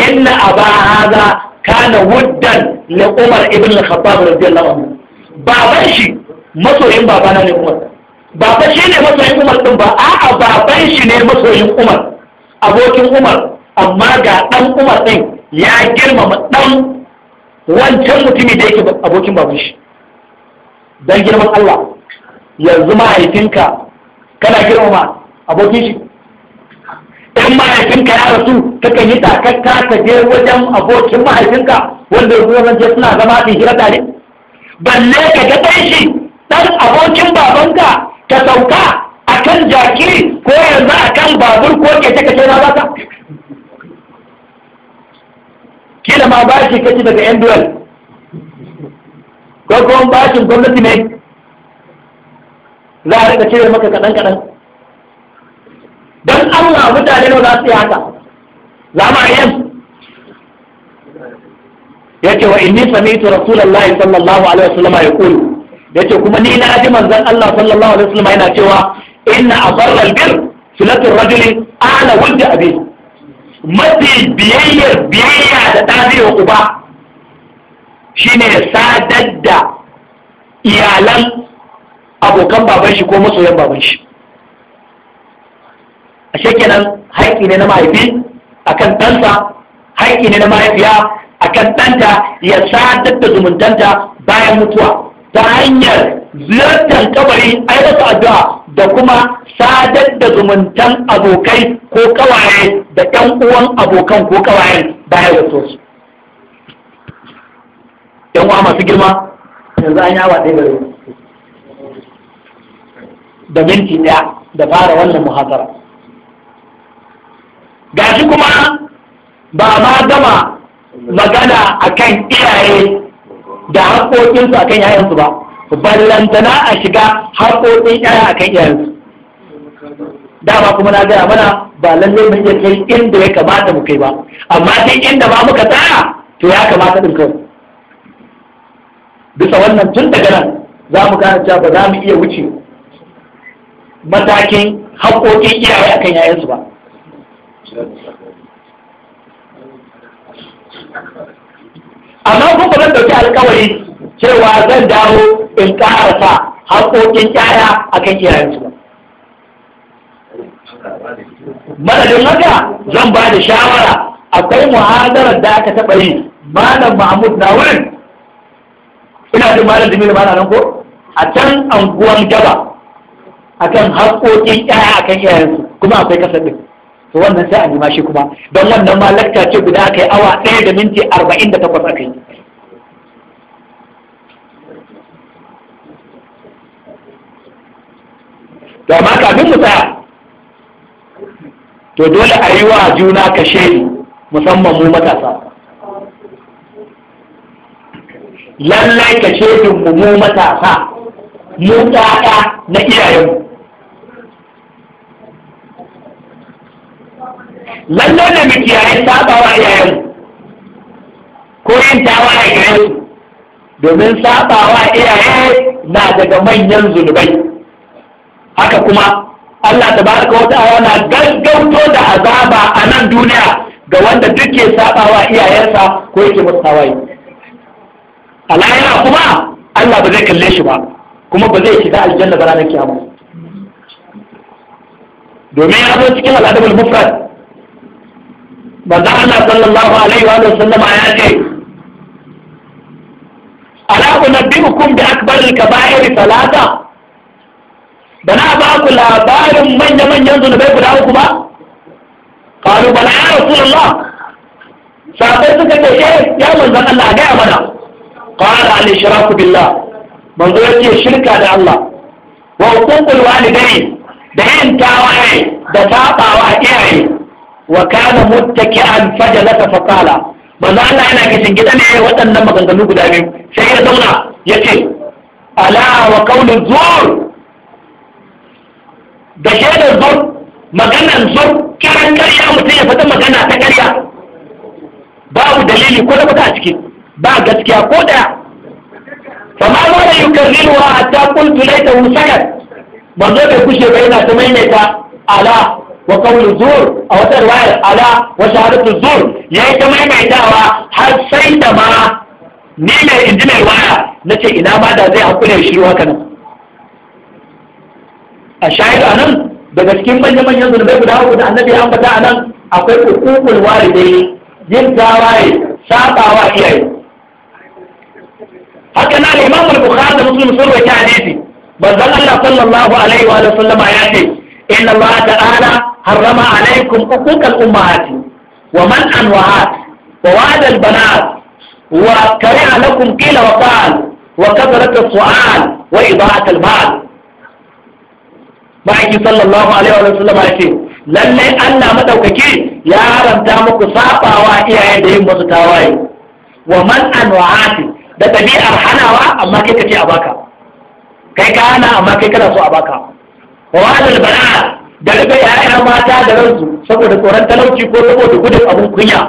inna aba hadha kana wuddan li umar ibn al-khattab radiyallahu anhu baban shi masoyin babana ne umar Baba shi ne masoyin umar din ba a'a baban shi ne masoyin umar abokin umar amma ga dan umar din ya girmama dan wancan mutumi da yake abokin baban shi dan girman Allah yanzu ma mahaifinka kana girmama abokin shi in mahaifinka ya rasu kan yi takakka ka je wajen abokin mahaifinka wanda ya zama je suna zama a hira tare balle ka ga ɗan shi ɗan abokin babanka ka sauka a kan jaki ko yanzu a kan babur ko keke kace na baka kila ma bashi kaci daga yan duwal ko kuma bashin gwamnati ne za a rika cire maka kaɗan kaɗan don Allah mutane ba za su yi haka za mu Ya ce wa inni sami'tu rasulullahi sallallahu alaihi wasallam Ya ce kuma ni na ji manzon Allah sallallahu alaihi wasallam yana cewa inna abarra bir filatul rajuli ala wuldi abi mafi biyayyar biyayya da tabiwa uba shine sadar da iyalan abokan baban shi ko masoyan baban shi ashe kenan haƙƙi ne na mahaifi kan ɗansa haƙƙi ne na mahaifiya akan ɗanta ya sadar da zumuntanta bayan mutuwa ta hanyar ziyartar kabari ai addu'a da kuma sadar da zumuntan abokai ko kawaye da ɗan uwan abokan ko kawaye bayan wasu ɗan uwa masu girma yanzu an yawa ɗaya da minti ɗaya da fara wannan muhazara gashi kuma ba ma gama magana a kan iyaye da haƙoƙinsu akan yayansu ba ballantana a shiga haƙoƙin yaya akan iyayensu dama kuma na gaya mana ba lalle mu iya kai inda ya kamata mu kai ba amma ta inda ba muka tsaya to ya kamata din kai bisa wannan tun daga nan za mu gane cewa ba za mu iya wuce matakin haƙoƙin iyaye akan yayansu ba amma kun ba zan dauki alkawari cewa zan dawo in karasa haƙoƙin yaya a kan iyayensu madadin haka zan ba da shawara akwai muhadarar da aka taɓa yi malam mahmud na wurin ina jin malam jimila ba nan ko a can anguwan gaba akan haƙoƙin ƴaƴa a kan iyayensu kuma akwai kasar ɗin to wannan sai a nima shi kuma don wannan ma lakta ce guda aka yi awa ɗaya da minti arba'in da takwas aka yi to amma kafin mu tsaya to dole a yi wa juna kashe musamman mu matasa lallai kashe mu mu matasa mu ɗaya na iyayenmu lalle ne mu kiyaye sabawa iyayen ko yin tawa iyayen domin sabawa iyaye na daga manyan zunubai haka kuma Allah tabaraka wata ta'ala na gaggauto da azaba a nan duniya ga wanda duk ke sabawa iyayensa ko yake musu tawaye alayana kuma Allah ba zai kalle shi ba kuma ba zai shiga aljanna ba ranar kiyama domin ya zo cikin al'adabul mufrad manzo Allah sallallahu alaihi wa sallam ya ce ala unabbiukum bi akbar al-kaba'ir salata bana ba ku labarin manya-manyan zunubai guda uku ba qalu bala ya rasulullah sahabbai suka ce eh ya manzo Allah ga mana qala al-ishraku billah manzo yace shirka da Allah wa uqul walidain da yin tawaye da tabawa iyaye wa kana muttaki'an fajalasa fa qala manzo Allah yana kishin gida ne waɗannan maganganu guda biyu sai ya zauna ya ce ala wa qawlu zur da shaidar zur maganar zur kiran karya mutum ya faɗi magana ta karya babu dalili ko da a ciki ba gaskiya ko da fama wanda a hatta qultu laita sakat manzo da kushe ba yana ta maimaita ala wa qawlu a wata riwayar ala wa shahadatu ya yi ta maimaitawa har sai da ma ni mai inji mai waya nace ina ma da zai hakure shi haka nan a shahid anan daga cikin manyan manyan zunubai guda uku da annabi ya ambata anan akwai hukukul walidai yin tawaye sabawa iyaye haka na imam al-bukhari da muslim sun rawaita hadisi manzon Allah sallallahu alaihi wa sallama ya inna Allah ta'ala harrama alaikum uquqal ummahati wa man anwahat wa wa'ad al banat wa kariha lakum qila wa qal wa kasrat as su'al wa ibaat Allah ya haramta muku sabawa iyaye da yin musu tawaye wa man anwaati da tabi'ar hanawa amma kai kace a baka kai ka hana amma kai kana so a baka wa wa'ad al da riga ya'ya mata da ransu saboda tsoron talauci ko saboda gudun abun kunya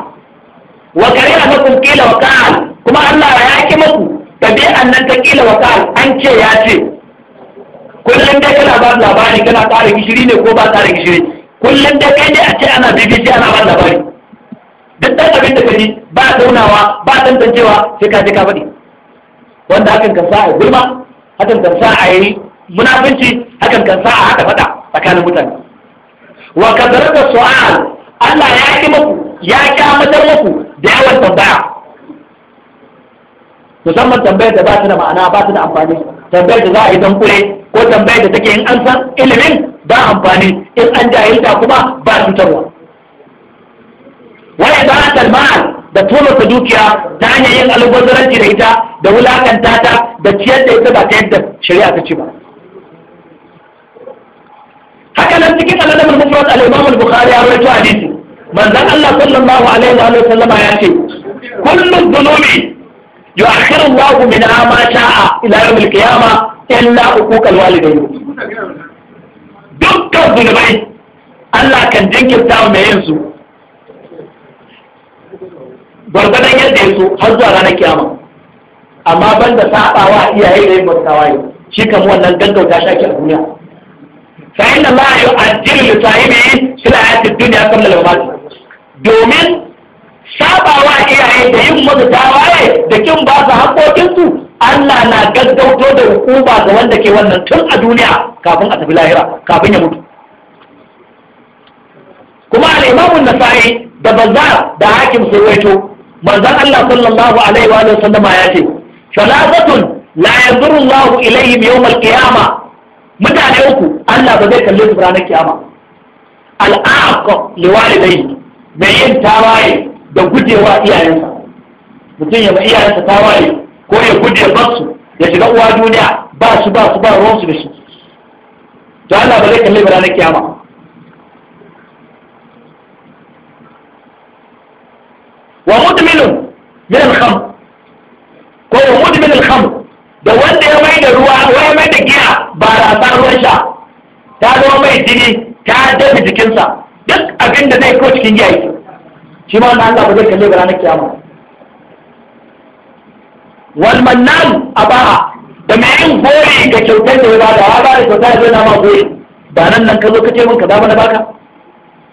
wa a lakum kila wa ka'al kuma Allah ya ki muku an nan ta kila wa ka'al an ce ya ce kullum dai kana ba labari kana tsara gishiri ne ko ba tsara gishiri kullum dai kai ne a ce ana BBC ana ba labari duk dan abin da kaji ba zaunawa ba tantancewa sai ka je ka faɗi wanda hakan kan sa a gulma hakan kan sa a yi munafunci hakan kan sa a haka faɗa tsakanin mutane wa kadarata su'al Allah ya ki muku ya kyamatar muku da yawan tambaya musamman tambayar da ba ta da ma'ana ba ta da amfani tambayar da za a yi don kure ko tambayar da take in an san ilimin ba amfani in an jahilta kuma ba cutarwa wani ba talmal da tona ta dukiya ta hanyar yin albazaranci da ita da wulakanta ta da ciyar da ita ba ta yadda shari'a ta ci ba haka nan cikin aladar mufrad al-imam al-bukhari ya rawaito hadisi manzon Allah sallallahu alaihi wa sallama ya ce kullu dhunubi yu'akhiru Allahu min ma sha'a ila yawm al-qiyamah illa uquqal walidayn dukkan zunubai Allah kan jinkirta mai yin su gwargwadon yadda ya so har zuwa ranar kiyama amma banda sabawa iyaye da yin bautawa shi kan wannan gaggauta shaki a duniya فإن الله يؤجل لصاحبه في الحياة الدنيا da الوفاة domin sabawa iyaye da yin musu tawaye da kin ba su haƙoƙinsu Allah na gaggauto da hukuma ga wanda ke wannan tun a duniya kafin a tafi lahira kafin ya mutu kuma al'imamun sa’i da bazar da hakim sun waito manzon Allah sallallahu alaihi wa sallama ya ce salatatun la yanzuru Allah ilayhim yawm al-qiyamah mutane uku Allah ba zai kalle su ranar kiyama da yi, mai yin tawaye da gujewa iyayensa mutum ya ba iyayensa tawaye ko ya guje basu ya shiga uwa duniya ba su ba su ba ruwan su da shi to Allah ba zai kalle su ranar kiyama wa mudminun min al-khamr ko wa mudmin al-khamr ruwan sha ta zama mai jini ta dafi jikinsa duk abin da zai ko cikin giya shi ma wannan Allah ba zai kalle ga ranar kiyama wal mannan aba da mai yin gori ga kyautar da ya bada ya bada kyautar da zai ma gori ba nan nan ka zo ka ce min ba mana baka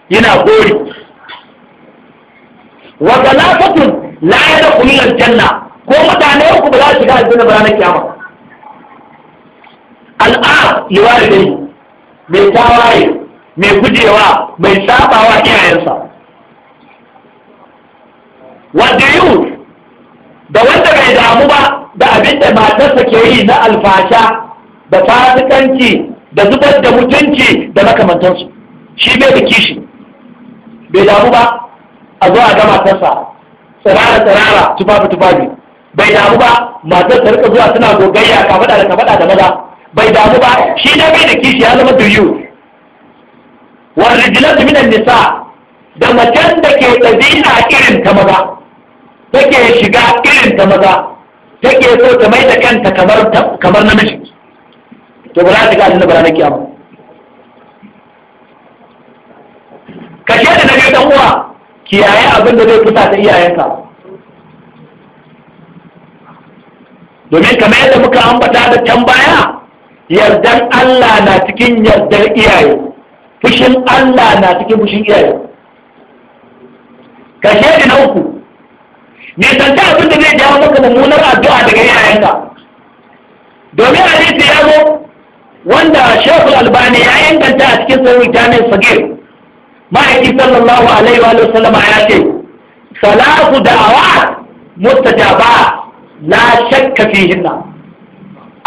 yana gori wa galafatun la yadkhulul janna ko mutane uku ba za su shiga aljanna ba ranar kiyama al'am liwalidai mai tawaye mai gujewa mai sabawa iyayensa wanda yi da wanda bai damu ba da abin da matarsa ke yi na alfasha da fasikanci da zubar da mutunci da makamantansu shi bai da kishi bai damu ba a zuwa ga matarsa tsirara tsirara tufafi tufafi bai damu ba matarsa ta rika zuwa suna gogayya ka faɗa da ka faɗa da maza bai damu ba shi na bai da kishi ya zama duyu jilatu minan nisa da macen da ke ɗabi'a irin ta maza ta ke shiga irin ta maza ta ke so ta mai da kanta kamar namiji to ba za ta ga annabi ranar kiyama kashe da nabi dan uwa kiyaye abin da zai fusa ta iyayenka domin kamar yadda muka ambata da can baya yardan Allah na cikin yardar iyaye fushin Allah na cikin fushin iyaye ka shaidi na uku nisanta abin da zai jawo maka mummunar addu'a daga iyayenka domin hadisi ya zo wanda shekul albani ya yanganta a cikin sauri ta mai sagir ma'aiki sallallahu alaihi wa sallama ya ce salatu da'awa mustajaba la shakka fihinna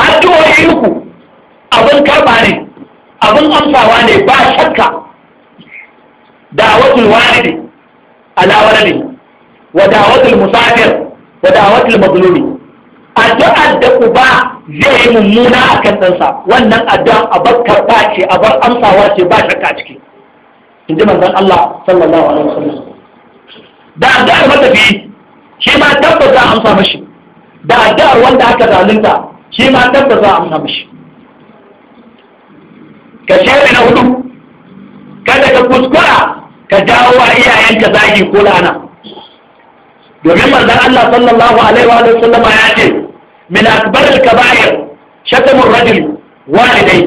addu'o'i uku abin karba ne abin amsawa ne ba shakka Da da'awatul a ala ne wa da wasu musafir wa da da'awatul mazlumi addu'ar da uba zai yi mummuna a kan ɗansa wannan addu'a a bar karba ce a bar amsawa ce ba shakka ciki in ji manzon Allah sallallahu alaihi wasallam da addu'ar matafi shi ma tabbata amsa mashi da addu'ar wanda aka zalunta shi ma tabbata amsa mashi ka shafe na hudu kada ka kuskura ka dawo wa iyayenka zagi ko lana domin manzon Allah sallallahu alaihi wa sallam ya ce min akbar al-kaba'ir shatamu ar-rajul walidai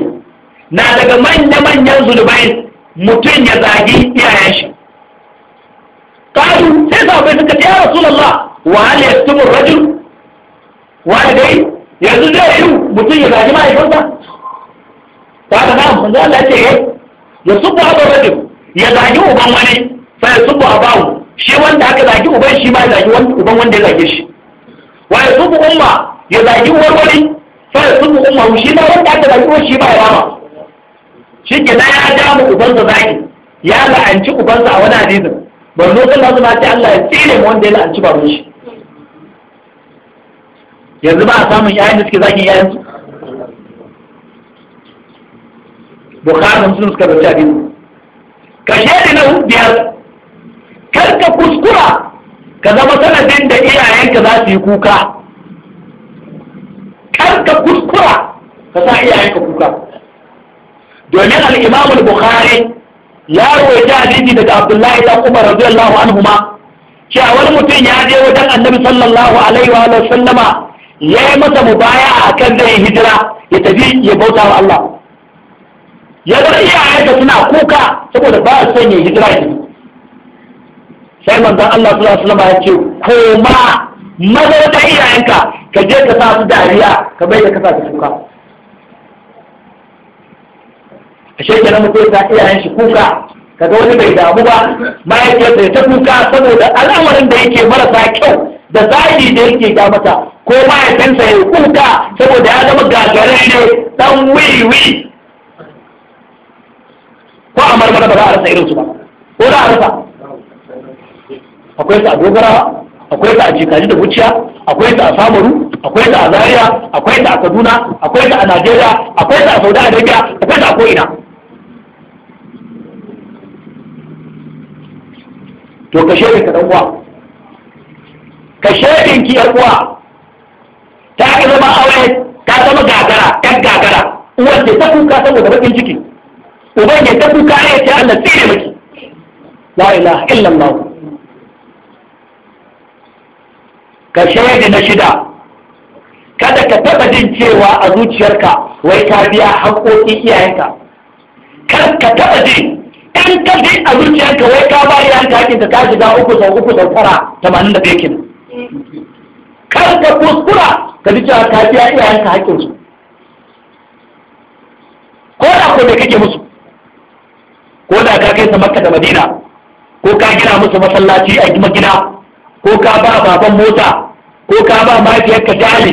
na daga manya manyan zulubai mutum ya zagi iyayen shi kalu sai sahabbai suka ce ya rasulullah wa hal yaktumu ar-rajul walidai yanzu zai yi mutum ya zagi mahaifinsa kaga na manzo Allah ce eh, ya subu abu rajul ya zagi uban wani sai ya a abahu shi wanda aka zagi uban shi ma ya zagi uban wanda ya zage shi wa ya subu umma ya zagi uwar wani sai ya subu umma shi ma wanda aka zagi uwar shi ma ya rama shi ke na ya ja mu ubansa zagi ya la'anci sa a wani hadisin manzo sallallahu masu ma ce Allah ya tsire mu wanda ya la'anci baban shi yanzu ba a samun yayin da suke zagin yayin su bukhari musulun suka rubuta biyu ka shaɗi na biyar kar ka kuskura ka zama sanadin da iyayenka za su yi kuka kar ka kuskura ka sa iyayenka kuka domin al'imamul bukhari ya rawaita hadisi daga abdullahi dan umar radiyallahu anhuma cewa wani mutum ya je wajen annabi sallallahu alaihi wa sallama ya yi masa mubaya'a akan zai hijira ya tafi ya bauta wa Allah ya bar iyayensa suna kuka saboda ba a son ya hijira ki sai manzon Allah sallallahu alaihi wasallam ya ce koma maza iyayenka ka je ka sa su dariya ka bai ka sa su kuka ashe kenan mutum ya iyayen shi kuka kaga wani bai damu ba mahaifiyarsa ya ta kuka saboda al'amarin da yake marasa kyau da zagi da yake ga mata ko mahaifinsa ya kuka saboda ya zama gagarin ne dan wiwi ko a marmara ba za a rasa irin su ba ko za a rasa akwai su a gogara akwai su a jikaji da wuciya akwai su a samaru akwai su a zaria akwai su a kaduna akwai su a najeriya akwai su a saudi arabia akwai su a ko'ina to ka shaidin ka uwa ka shaidin ki uwa ta zama aure ta zama gagara ɗan gagara uwar ta kuka saboda bakin ciki ubangiji ta kuka ya ce Allah da miki la ilaha illallah ka shaidi na shida kada ka taɓa jin cewa a zuciyarka wai ka biya haƙoƙin iyayenka kar ka taɓa jin in ka ji a zuciyarka wai ka ba iyayenka haƙinka ka shiga uku sau uku sau tara tamanin da bekin kar ka kuskura ka ji cewa ka biya iyayenka su. ko da ko da kake musu ko da ka kai su makka da madina ko ka gina musu masallaci a gina, ko ka ba baban mota ko ka ba ka jali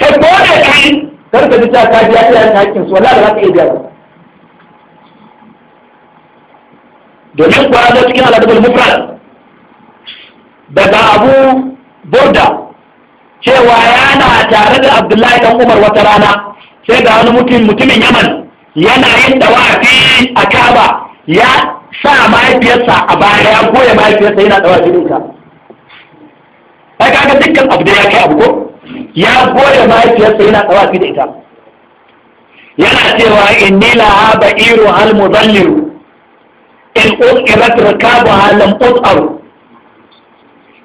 kai ko da kai kar ka ji ta ka biya iyayen hakkin su wallahi za ka iya biya domin kwara da cikin aladabul mufrad daga abu burda cewa yana tare da abdullahi dan umar wata rana sai ga wani mutumin yaman yana yin dawafi a kaba ya sa mahaifiyarsa a baya ya goya mahaifiyarsa yana dawa jininka ai kaga dukkan abu da ya kai abu ko ya goya mahaifiyarsa yana dawa da ita yana cewa inni laha ba'iru hal mudalliru in uqirat rikabaha lam ut'aru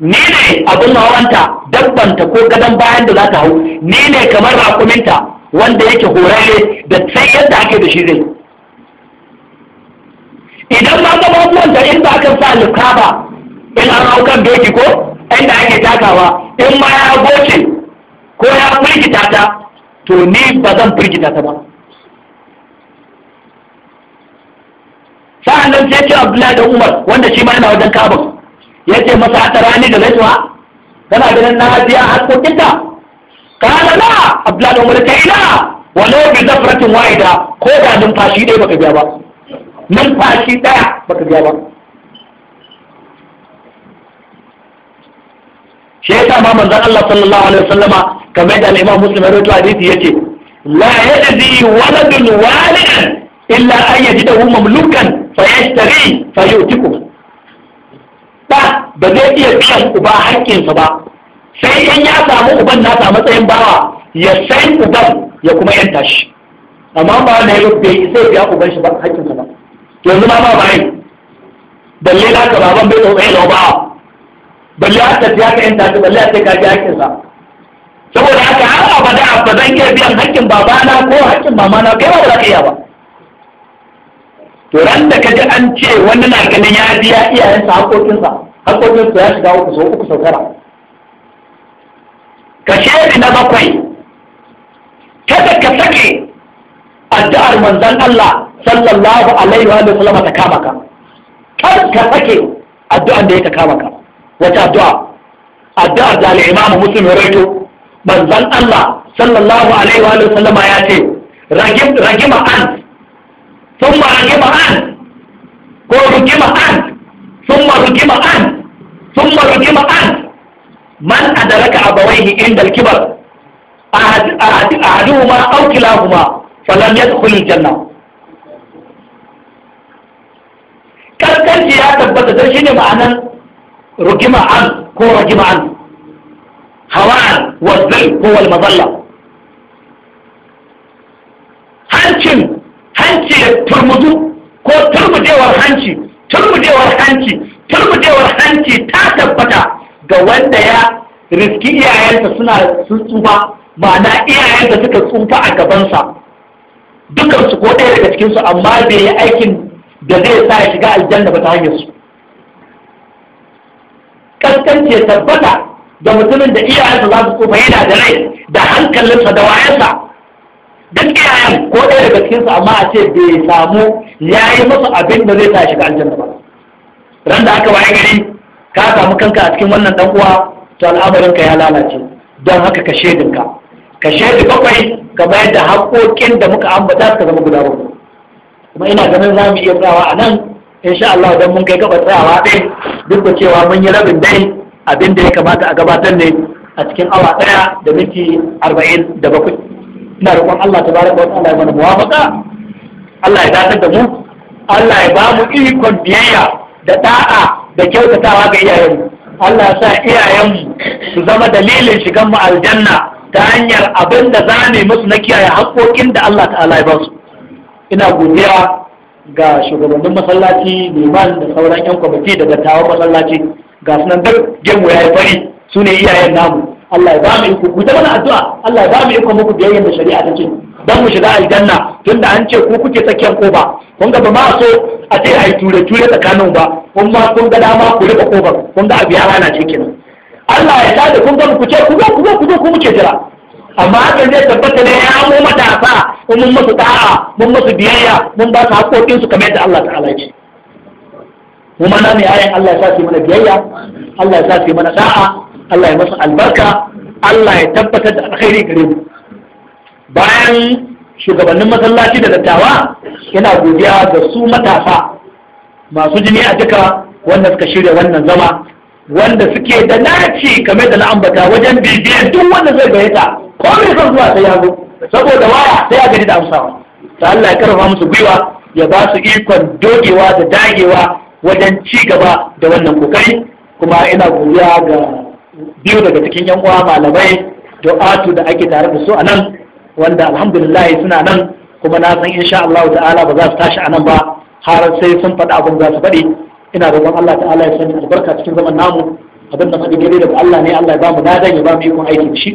ni ne abin hawanta dabbanta ko gadon bayan da za ta hau ni ne kamar rakuminta wanda yake horare da sai yadda ake da shi zai idan ma gababuwan da in ba ka sa ba in an hau kan doki ko inda ake takawa in ma ya goce ko ya firgita ta to ni ba zan firgita ta ba sa'an nan sai ce abdullahi da umar wanda shi ma yana wajen kabin ya ce masa a da laisuwa kana ganin na biya harkokinta kana na, abdullahi da umar ta na, walau bi zafratin wa'ida ko da numfashi dai baka biya ba numfashi ɗaya baka biya ba shi yasa ma Allah sallallahu alaihi wasallama kamar da al-Imam Muslim ya rawaito hadisi yace la yajzi waladun wali'an illa an yajidahu mamlukan fa yashtari fa yutiku ba ba zai iya biyan uba haƙƙinsa ba sai in ya samu uban nasa matsayin bawa ya sai uban ya kuma yanta shi amma ba da ya bai sai biya uban shi ba haƙƙinsa ba yanzu ma ba bai balle da ka baban bai tsotsai da ba balle a ta tiya ka yanta balle a ta ka ji hakkin sa saboda haka har abada zan iya biyan hakkin babana ko hakkin mamana kai ba za ka iya ba to ran da ka ji an ce wani na ganin ya biya iyayensa haƙoƙinsa haƙoƙinsa ya shiga uku sau uku sau tara ka shaidi na bakwai kada ka sake addu'ar manzon Allah sallallahu alaihi wa sallama ta kama ka kar ka sake addu'an da ya ta kama ka wata addu'a addu'ar da al'imamu imamu muslim ya rawaito manzon Allah sallallahu alaihi wa sallama ya ce ragim ragima an thumma ragima an ko ragima an thumma ragima an thumma ragima an man adraka abawaihi inda al-kibar ahaduhuma aw kilahuma falam yadkhul al-jannah karkarci ya tabbata don shi ne ma'anar rukima an ko rukima an an wazzai ko wal mazalla hancin hanci ya turmudu ko turmudewar hanci turmudewar hanci turmudewar hanci ta tabbata ga wanda ya riski iyayensa suna sun tsufa ma'ana iyayensa suka tsufa a gabansa dukansu ko ɗaya daga cikinsu amma bai yi aikin da zai sa ya shiga aljanna ba ta hanyar su kaskance tabbata da mutumin da iyayensa za su tsufa yana da rai da hankalinsa da wayarsa, duk iyayen ko ɗaya daga sa amma a ce bai samu ya yi musu abin da zai sa ya shiga aljanna ba ran da aka waye gari ka samu kanka a cikin wannan dan uwa to al'amarinka ya lalace don haka ka shaidinka ka shaidi bakwai kamar yadda haƙoƙin da muka ambata suka zama guda bakwai kuma ina ganin za mu iya tsawa a nan in sha Allah don mun kai gaba tsawa ɗin duk da cewa mun yi rabin dai abin da ya kamata a gabatar ne a cikin awa ɗaya da minti arba'in da bakwai ina roƙon Allah ta baraka wata Allah ya mana maka Allah ya dakatar da mu Allah ya ba mu ikon biyayya da ɗa'a da kyautatawa ga iyayenmu Allah ya sa iyayenmu su zama dalilin shigan mu aljanna ta hanyar abin da za mu musu na kiyaye haƙoƙin da Allah ta'ala ya ba su ina godiya ga shugabannin masallaci liman da sauran yan kwamiti da dattawan masallaci ga sunan duk gemu ya yi fari su ne iyayen namu Allah ya ba mu iko ku ta mana addu'a Allah ya ba mu iko muku biyayya da shari'a ta ce dan mu shiga aljanna tunda an ce ku kuke tsakiyar ba? kun ga ba ma so a ce ai ture ture tsakanin ba kun ma kun ga dama ku rika ba kun ga abiya rana ce kenan Allah ya tada kun ga ku ce ku zo ku zo ku zo ku muke jira amma hakan zai tabbata ne ya mu matasa in mun masu da'a mun masu biyayya mun ba su haƙoƙin su kamar yadda Allah ta'ala ya ce mu mana ne ayan Allah ya sa su mana biyayya Allah ya sa su mana da'a Allah ya masa albarka Allah ya tabbatar da alkhairi gare mu bayan shugabannin masallaci da dattawa yana godiya ga su matasa masu jini a duka wanda suka shirya wannan zama wanda suke da naci kamar da na ambata wajen bibiyar duk wanda zai bayyana ko bai son zuwa sai ya zo saboda waya sai ya da amsawa ta Allah ya karfa musu gwiwa ya ba su ikon dogewa da dagewa wajen ci gaba da wannan kokari kuma ina godiya ga biyu daga cikin yan uwa malamai du'atu da ake tare da su a nan wanda alhamdulillah suna nan kuma na san insha Allah ta'ala ba za su tashi a nan ba har sai sun faɗa abin za su faɗi ina roƙon Allah ta'ala ya sanya albarka cikin zaman namu abin da faɗi daidai daga Allah ne Allah ya ba mu dadan ya ba mu ikon aiki da shi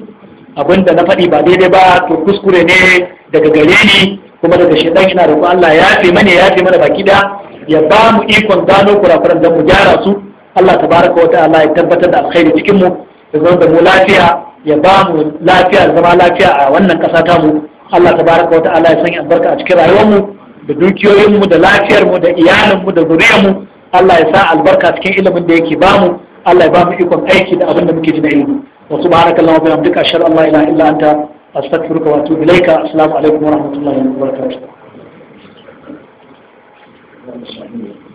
Abin da na faɗi ba daidai ba to kuskure ne daga gare ni kuma daga shaidan ina roƙon Allah ya fi mana ya fi mana baki da ya ba mu ikon gano kurakuran da mu gyara su Allah tabaraka wa ta'ala ya tabbatar da alkhairi cikin mu ya zama da mu lafiya ya ba mu lafiya zama lafiya a wannan ƙasa ta mu Allah tabaraka wa ta'ala ya sanya albarka a cikin rayuwar mu da dukiyoyin mu da lafiyar mu da iyalin mu da zuriyar mu Allah ya sa albarka cikin ilimin da yake ba mu Allah ya ba mu ikon aiki da abin da muke ji na ilimi wa subhanakallahu wa bihamdika ashhadu an la ilaha illa anta astaghfiruka wa atubu ilaika assalamu alaikum wa rahmatullahi wa barakatuh